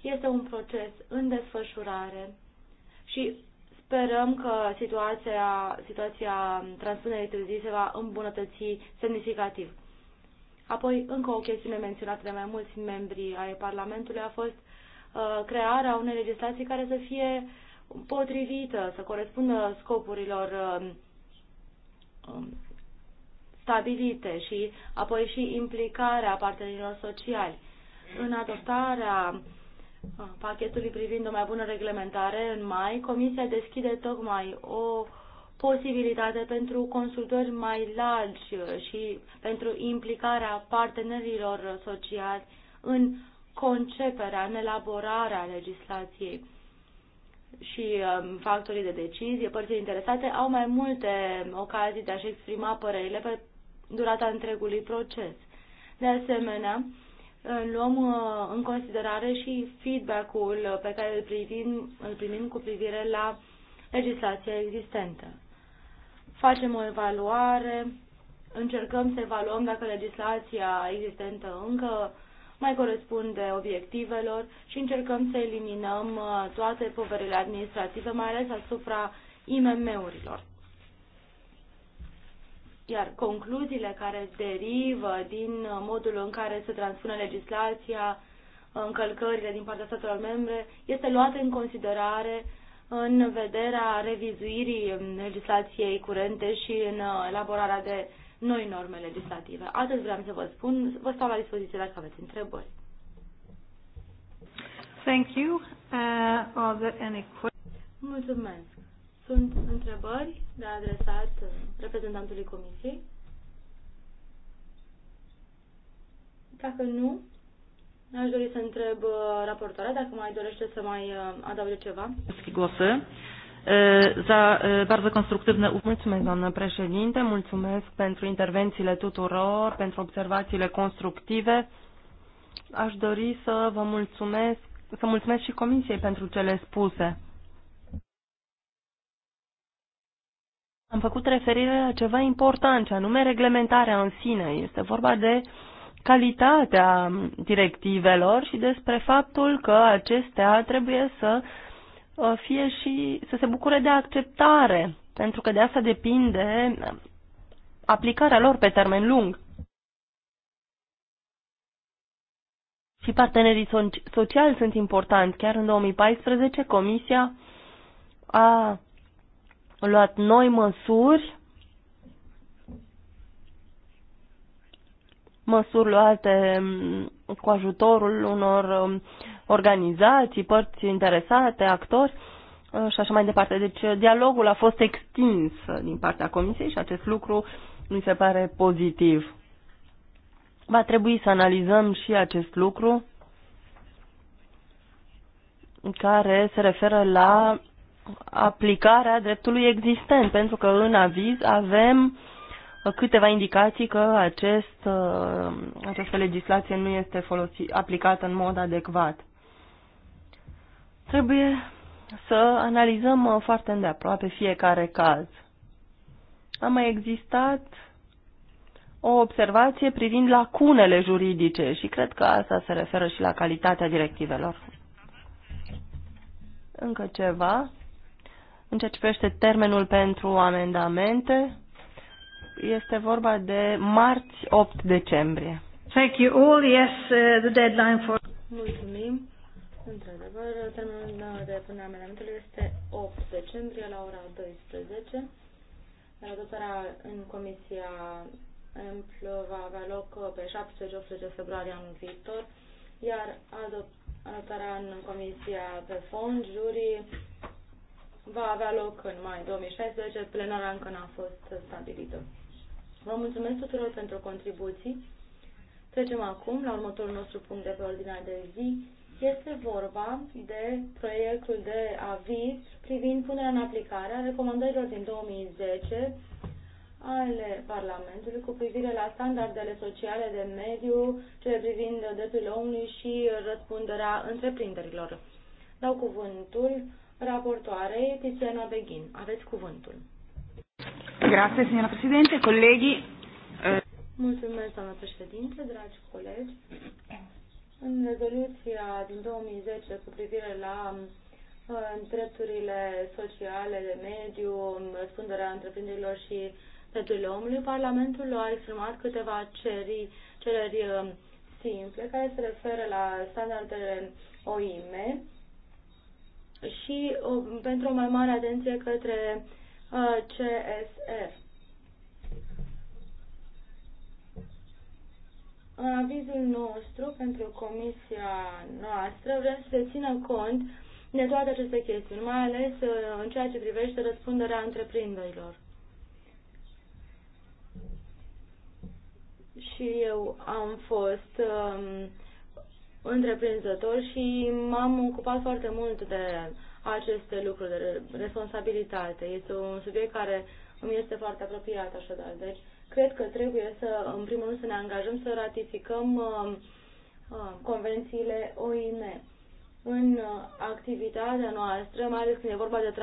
Este un proces în desfășurare și sperăm că situația, situația transpunerii târzii se va îmbunătăți semnificativ. Apoi, încă o chestiune menționată de mai mulți membri ai Parlamentului a fost uh, crearea unei legislații care să fie potrivită, să corespundă scopurilor uh, um, stabilite și apoi și implicarea partenerilor sociali. În adoptarea pachetului privind o mai bună reglementare în mai, Comisia deschide tocmai o posibilitate pentru consultări mai largi și pentru implicarea partenerilor sociali în conceperea, în elaborarea legislației și um, factorii de decizie, părțile interesate, au mai multe ocazii de a-și exprima părerile pe durata întregului proces. De asemenea, eh, luăm eh, în considerare și feedback-ul pe care îl primim, îl primim cu privire la legislația existentă. Facem o evaluare, încercăm să evaluăm dacă legislația existentă încă mai corespunde obiectivelor și încercăm să eliminăm eh, toate poverile administrative, mai ales asupra IMM-urilor. Iar concluziile care derivă din modul în care se transpune legislația, încălcările din partea statelor membre, este luată în considerare în vederea revizuirii legislației curente și în elaborarea de noi norme legislative. Atât vreau să vă spun, vă stau la dispoziție dacă aveți întrebări. Thank you. Uh, are there any questions? Mulțumesc. Sunt întrebări de adresat reprezentantului Comisiei? Dacă nu, aș dori să întreb uh, raportoarea dacă mai dorește să mai uh, adauge ceva. Głosy. Za bardzo konstruktywne Mulțumesc, doamnă președinte, mulțumesc pentru intervențiile tuturor, pentru observațiile constructive. Aș dori să vă mulțumesc, să mulțumesc și Comisiei pentru cele spuse. Am făcut referire la ceva important, ce anume reglementarea în sine. Este vorba de calitatea directivelor și despre faptul că acestea trebuie să uh, fie și să se bucure de acceptare, pentru că de asta depinde aplicarea lor pe termen lung. Și partenerii sociali sunt importanți. Chiar în 2014 Comisia a luat noi măsuri, măsuri luate mm, cu ajutorul unor mm, organizații, părți interesate, actori mm, și așa mai departe. Deci uh, dialogul a fost extins uh, din partea Comisiei și acest lucru mi se pare pozitiv. Va trebui să analizăm și acest lucru care se referă la aplicarea dreptului existent, pentru că în aviz avem uh, câteva indicații că acest, uh, această legislație nu este folosi, aplicată în mod adecvat. Trebuie să analizăm uh, foarte îndeaproape fiecare caz. A mai existat o observație privind lacunele juridice și cred că asta se referă și la calitatea directivelor. Încă ceva. În ceea ce privește termenul pentru amendamente, este vorba de marți 8 decembrie. Thank you all. Yes, uh, the deadline for... Mulțumim. Într-adevăr, termenul de până amendamentul este 8 decembrie la ora 12. La adoptarea în Comisia EMPL va avea loc pe 17-18 februarie anul viitor, iar adoptarea în Comisia pe fond, jurii, va avea loc în mai 2016, plenara încă n-a fost stabilită. Vă mulțumesc tuturor pentru contribuții. Trecem acum la următorul nostru punct de pe ordinea de zi. Este vorba de proiectul de aviz privind punerea în aplicare a recomandărilor din 2010 ale Parlamentului cu privire la standardele sociale de mediu, cele privind drepturile omului și răspunderea întreprinderilor. Dau cuvântul Raportoare Tiziana Beghin, aveți cuvântul. Grazie, signora Presidente, colleghi. Eh, Mulțumesc, doamna președinte, dragi colegi. În rezoluția din 2010 cu privire la eh, drepturile sociale, de mediu, răspunderea întreprinderilor și drepturile omului, Parlamentul a exprimat câteva ceri, cereri eh, simple care se referă la standardele OIM, și o, um, pentru o mai mare atenție către uh, CSR. În avizul nostru pentru comisia noastră vrem să se țină cont de toate aceste chestiuni, mai ales uh, în ceea ce privește răspunderea întreprinderilor. Și eu am fost Uh, întreprinzător și m-am ocupat foarte mult de aceste lucruri, de responsabilitate. Este un subiect care îmi este foarte apropiat așadar. Deci, cred că trebuie să, în primul rând, să ne angajăm să ratificăm uh, uh convențiile OIM în uh, activitatea noastră, mai ales când e vorba de,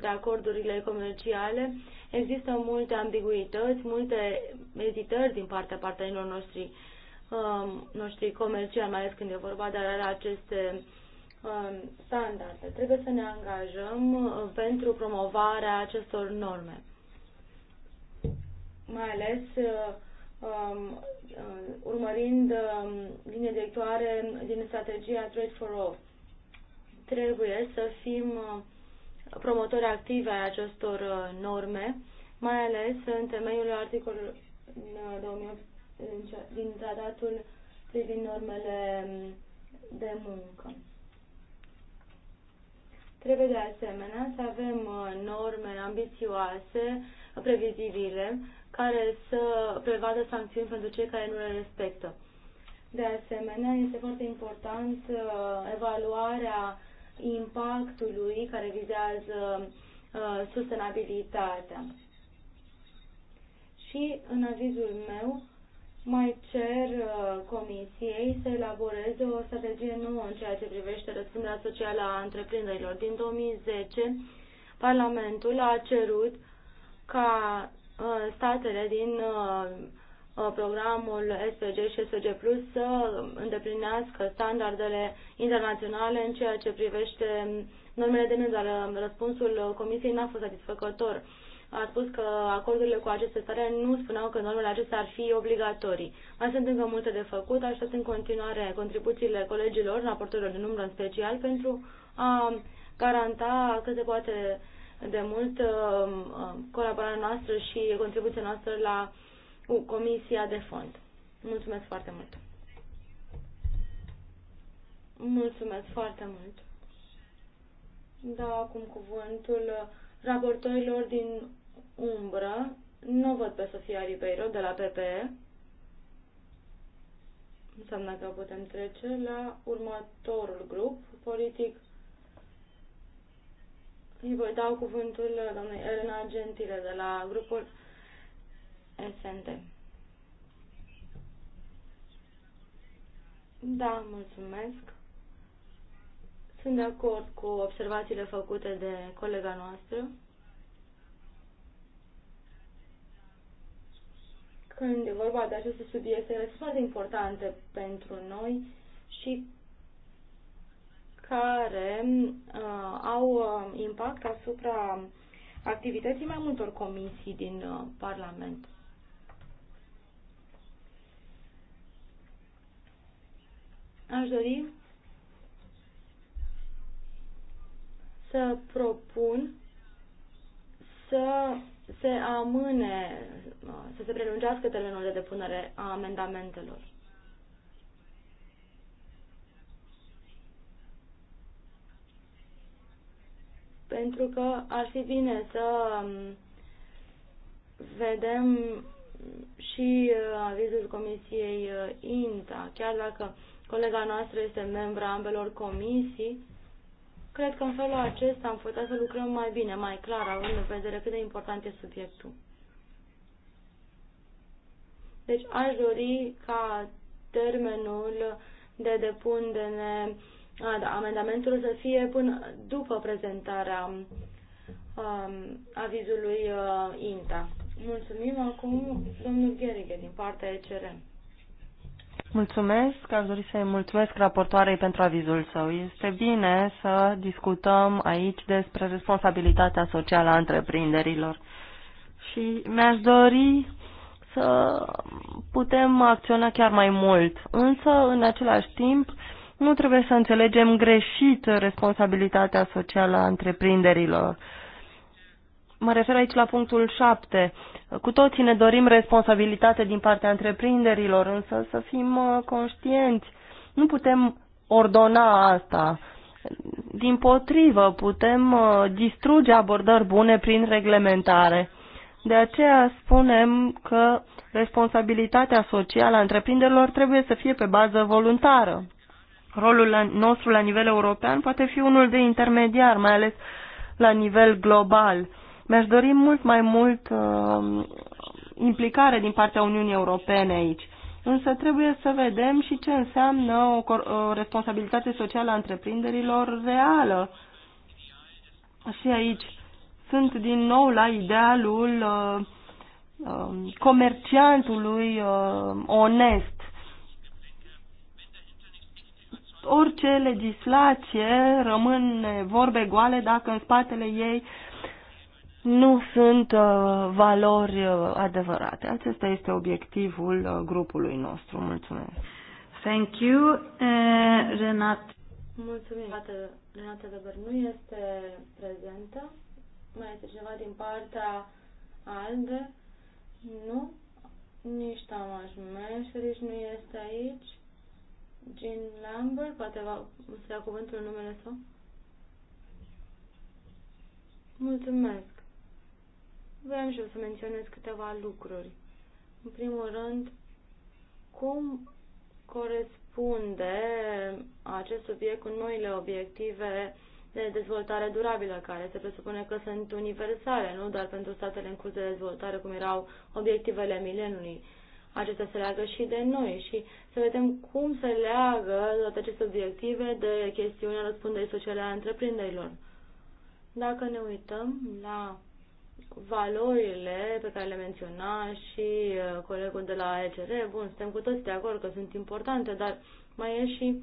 de acordurile comerciale, există multe ambiguități, multe ezitări din partea partenerilor noștri Um, noștri comerciali, mai ales când e vorba de aceste um, standarde. Trebuie să ne angajăm uh, pentru promovarea acestor norme. Mai ales uh, um, uh, urmărind linie directoare din strategia Trade for All. Trebuie să fim promotori active ai acestor norme, mai ales în temeiul articolului 2018 din tratatul privind normele mm, de muncă. Trebuie de asemenea să avem uh, norme ambițioase, previzibile, care să prevadă sancțiuni pentru cei care nu le respectă. De asemenea, este foarte important uh, evaluarea impactului care vizează uh, sustenabilitatea. Și în avizul meu mai cer uh, Comisiei să elaboreze o strategie nouă în ceea ce privește răspunderea socială a întreprinderilor. Din 2010, Parlamentul a cerut ca uh, statele din uh, programul SPG și SPG Plus să îndeplinească standardele internaționale în ceea ce privește normele de mediu, dar răspunsul Comisiei n-a fost satisfăcător a spus că acordurile cu aceste state nu spuneau că normele acestea ar fi obligatorii. Mai sunt încă multe de făcut, aștept în continuare contribuțiile colegilor, raportorilor de număr în special, pentru a garanta cât se poate de mult um, um, colaborarea noastră și contribuția noastră la Comisia de Fond. Mulțumesc foarte mult! Mulțumesc foarte mult! Dau acum cuvântul raportorilor din umbră, nu văd pe Sofia Ribeiro de la PPE. Înseamnă că putem trece la următorul grup politic. Îi voi dau cuvântul doamnei Elena Gentile de la grupul SNT. Da, mulțumesc. Sunt de acord cu observațiile făcute de colega noastră. când e vorba de aceste subiecte, ele sunt foarte importante pentru noi și care uh, au uh, impact asupra activității mai multor comisii din uh, Parlament. Aș dori să propun să se amâne, să se prelungească termenul de depunere a amendamentelor. Pentru că ar fi bine să um, vedem și uh, avizul Comisiei uh, INTA, chiar dacă colega noastră este membra ambelor comisii, Cred că în felul acesta am putea să lucrăm mai bine, mai clar, având în vedere cât de important e subiectul. Deci aș dori ca termenul de depunere da, amendamentul să fie până după prezentarea um, avizului uh, INTA. Mulțumim acum domnul Gherighe din partea ECRM. Mulțumesc, aș dori să-i mulțumesc raportoarei pentru avizul său. Este bine să discutăm aici despre responsabilitatea socială a întreprinderilor. Și mi-aș dori să putem acționa chiar mai mult. Însă, în același timp, nu trebuie să înțelegem greșit responsabilitatea socială a întreprinderilor Mă refer aici la punctul 7. Cu toții ne dorim responsabilitate din partea întreprinderilor, însă să fim uh, conștienți. Nu putem ordona asta. Din potrivă, putem uh, distruge abordări bune prin reglementare. De aceea spunem că responsabilitatea socială a întreprinderilor trebuie să fie pe bază voluntară. Rolul nostru la nivel european poate fi unul de intermediar, mai ales la nivel global mi-aș dori mult mai mult uh, implicare din partea Uniunii Europene aici. Însă trebuie să vedem și ce înseamnă o, o responsabilitate socială a întreprinderilor reală. Și aici sunt din nou la idealul uh, uh, comerciantului uh, onest. Orice legislație rămâne vorbe goale dacă în spatele ei uh, nu sunt uh, valori uh, adevărate. Acesta este obiectivul uh, grupului nostru. Mulțumesc. Thank you, uh, Renat. Mulțumim. Renata Weber nu este prezentă. Mai este cineva din partea ALDE? Nu. Nici Tamaș Meșteriș nu este aici. Jean Lambert, poate va să ia cuvântul numele său? Mulțumesc vreau și eu să menționez câteva lucruri. În primul rând, cum corespunde acest subiect cu noile obiective de dezvoltare durabilă, care se presupune că sunt universale, nu doar pentru statele în curs de dezvoltare, cum erau obiectivele milenului. Acestea se leagă și de noi și să vedem cum se leagă toate aceste obiective de chestiunea răspunderii sociale a întreprinderilor. Dacă ne uităm la valorile pe care le menționa și uh, colegul de la ECR, bun, suntem cu toți de acord că sunt importante, dar mai e și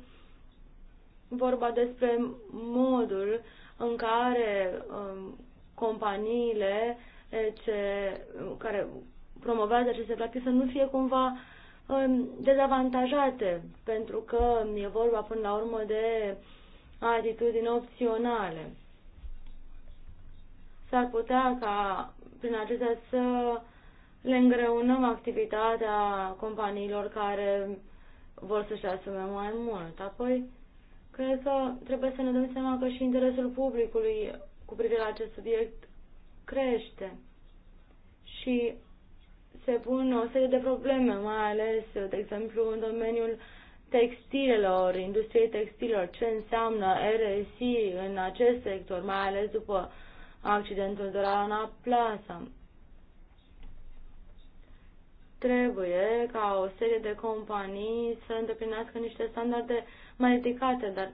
vorba despre modul în care um, companiile ce, care promovează aceste practici să nu fie cumva um, dezavantajate, pentru că e vorba până la urmă de atitudini opționale s-ar putea ca prin acestea să le îngreunăm activitatea companiilor care vor să-și asume mai mult. Apoi, cred că trebuie să ne dăm seama că și interesul publicului cu privire la acest subiect crește și se pun o serie de probleme, mai ales, de exemplu, în domeniul textilelor, industriei textilelor, ce înseamnă RSI în acest sector, mai ales după accidentul de la Ana Plaza. Trebuie ca o serie de companii să îndeplinească niște standarde mai ridicate, dar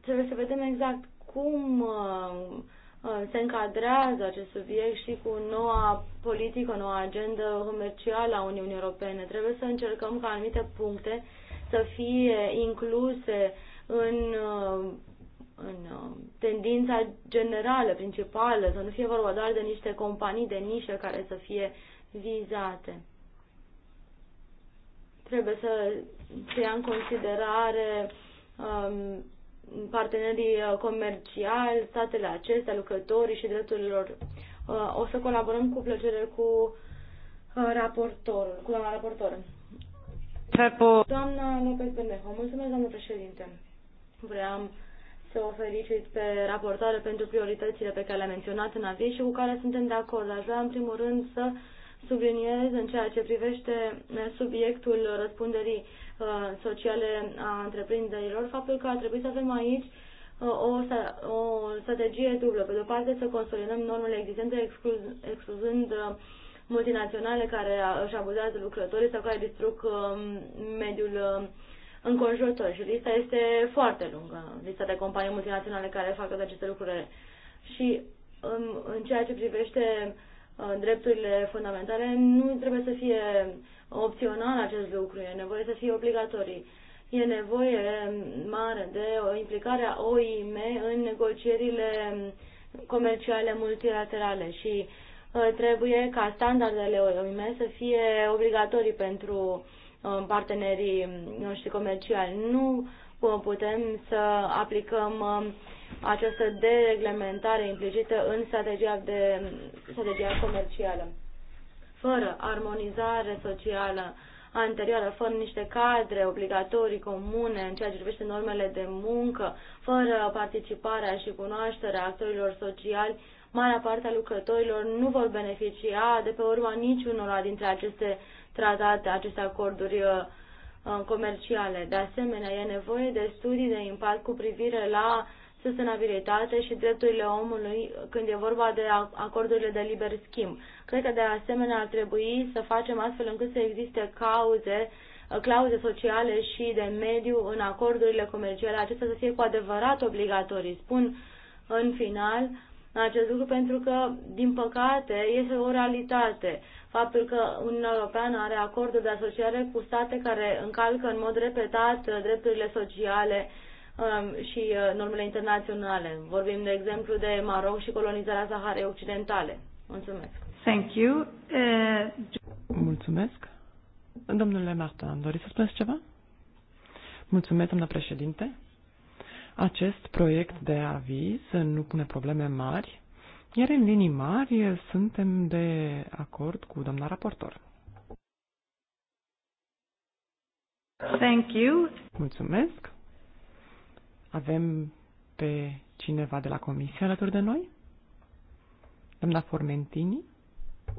trebuie să vedem exact cum uh, uh, se încadrează acest subiect și cu noua politică, noua agendă comercială a Uniunii Europene. Trebuie să încercăm ca anumite puncte să fie incluse în uh, în um, tendința generală, principală, să nu fie vorba doar de niște companii de nișă care să fie vizate. Trebuie să se ia în considerare um, partenerii uh, comerciali, statele acestea, lucrătorii și drepturilor. Uh, o să colaborăm cu plăcere cu uh, raportorul, cu doamna raportor. Doamna Lopez Bermejo, mulțumesc, doamna președinte. Vreau să o felicit pe raportare pentru prioritățile pe care le-a menționat în aviz și cu care suntem de acord. Aș vrea, în primul rând, să subliniez în ceea ce privește eh, subiectul răspunderii eh, sociale a întreprinderilor faptul că ar trebui să avem aici eh, o, o strategie dublă. Pe de o parte, să consolidăm normele existente excluz, excluzând multinaționale care își abuzează lucrătorii sau care distrug mediul Înconjurător, și lista este foarte lungă, lista de companii multinaționale care fac toate aceste lucruri. Și în, în ceea ce privește uh, drepturile fundamentale, nu trebuie să fie opțional acest lucru, e nevoie să fie obligatorii. E nevoie mare de o implicare a OIM în negocierile comerciale multilaterale și uh, trebuie ca standardele OIM să fie obligatorii pentru uh, Uh, partenerii mm, noștri comerciali. Nu uh, putem să aplicăm um, această dereglementare implicită în strategia, de, strategia comercială. Fără armonizare socială anterioară, fără niște cadre obligatorii comune în ceea ce privește normele de muncă, fără participarea și cunoașterea actorilor sociali, marea parte a lucrătorilor nu vor beneficia de pe urma niciunora dintre aceste uh, tratate aceste acorduri uh, uh, comerciale. De asemenea, e nevoie de studii de impact cu privire la sustenabilitate și drepturile omului când e vorba de acordurile de liber schimb. Cred că de asemenea ar trebui să facem astfel încât să existe cauze, uh, clauze sociale și de mediu în acordurile comerciale, acestea să fie cu adevărat obligatorii. Spun în final acest lucru pentru că, din păcate, este o realitate faptul că Uniunea Europeană are acorduri de asociere cu state care încalcă în mod repetat uh, drepturile sociale um, și uh, normele internaționale. Vorbim, de exemplu, de Maroc și colonizarea Saharei Occidentale. Mulțumesc. Thank you. Uh... Mulțumesc. Domnule Marta, doriți să spuneți ceva? Mulțumesc, doamna președinte. Acest proiect de aviz nu pune probleme mari iar în linii mari suntem de acord cu doamna raportor. Thank you. Mulțumesc. Avem pe cineva de la comisie alături de noi? Doamna Formentini?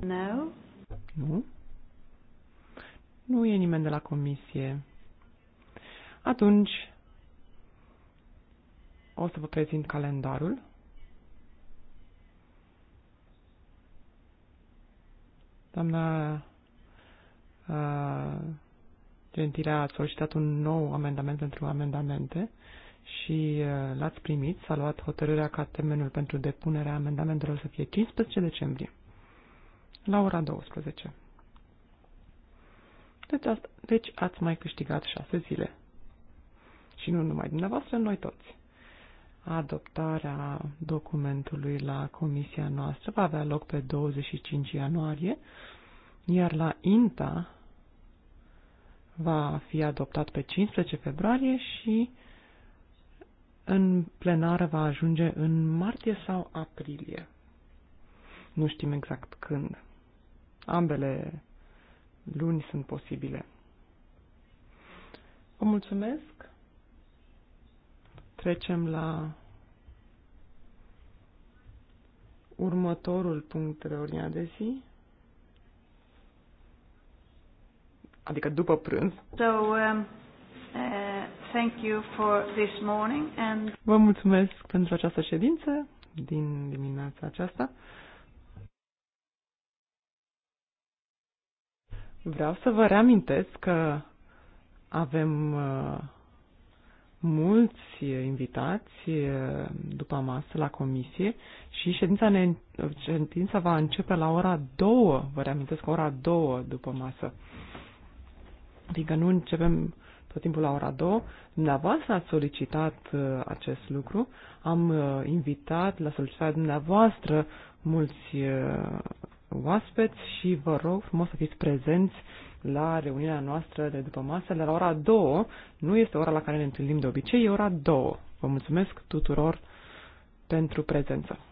No. Nu? Nu e nimeni de la comisie. Atunci, o să vă prezint calendarul. Doamna a, uh, Gentilea a solicitat un nou amendament pentru amendamente și uh, l-ați primit. S-a luat hotărârea ca termenul pentru depunerea amendamentelor să fie 15 decembrie, la ora 12. Deci, asta, deci ați mai câștigat șase zile. Și nu numai dumneavoastră, noi toți adoptarea documentului la comisia noastră va avea loc pe 25 ianuarie, iar la INTA va fi adoptat pe 15 februarie și în plenară va ajunge în martie sau aprilie. Nu știm exact când. Ambele luni sunt posibile. Vă mulțumesc Trecem la următorul punct de ordinea de zi. Adică după prânz. So, um, uh, thank you for this morning and... Vă mulțumesc pentru această ședință din dimineața aceasta. Vreau să vă reamintesc că avem uh, mulți invitați eh, după masă la comisie și ședința, ne, ședința va începe la ora 2, vă reamintesc, ora 2 după masă. Adică nu începem tot timpul la ora 2. Dumneavoastră ați solicitat eh, acest lucru, am eh, invitat la solicitarea dumneavoastră mulți oaspeți și vă rog frumos să fiți prezenți la reuniunea noastră de după masă, la ora 2. Nu este ora la care ne întâlnim de obicei, e ora 2. Vă mulțumesc tuturor pentru prezență.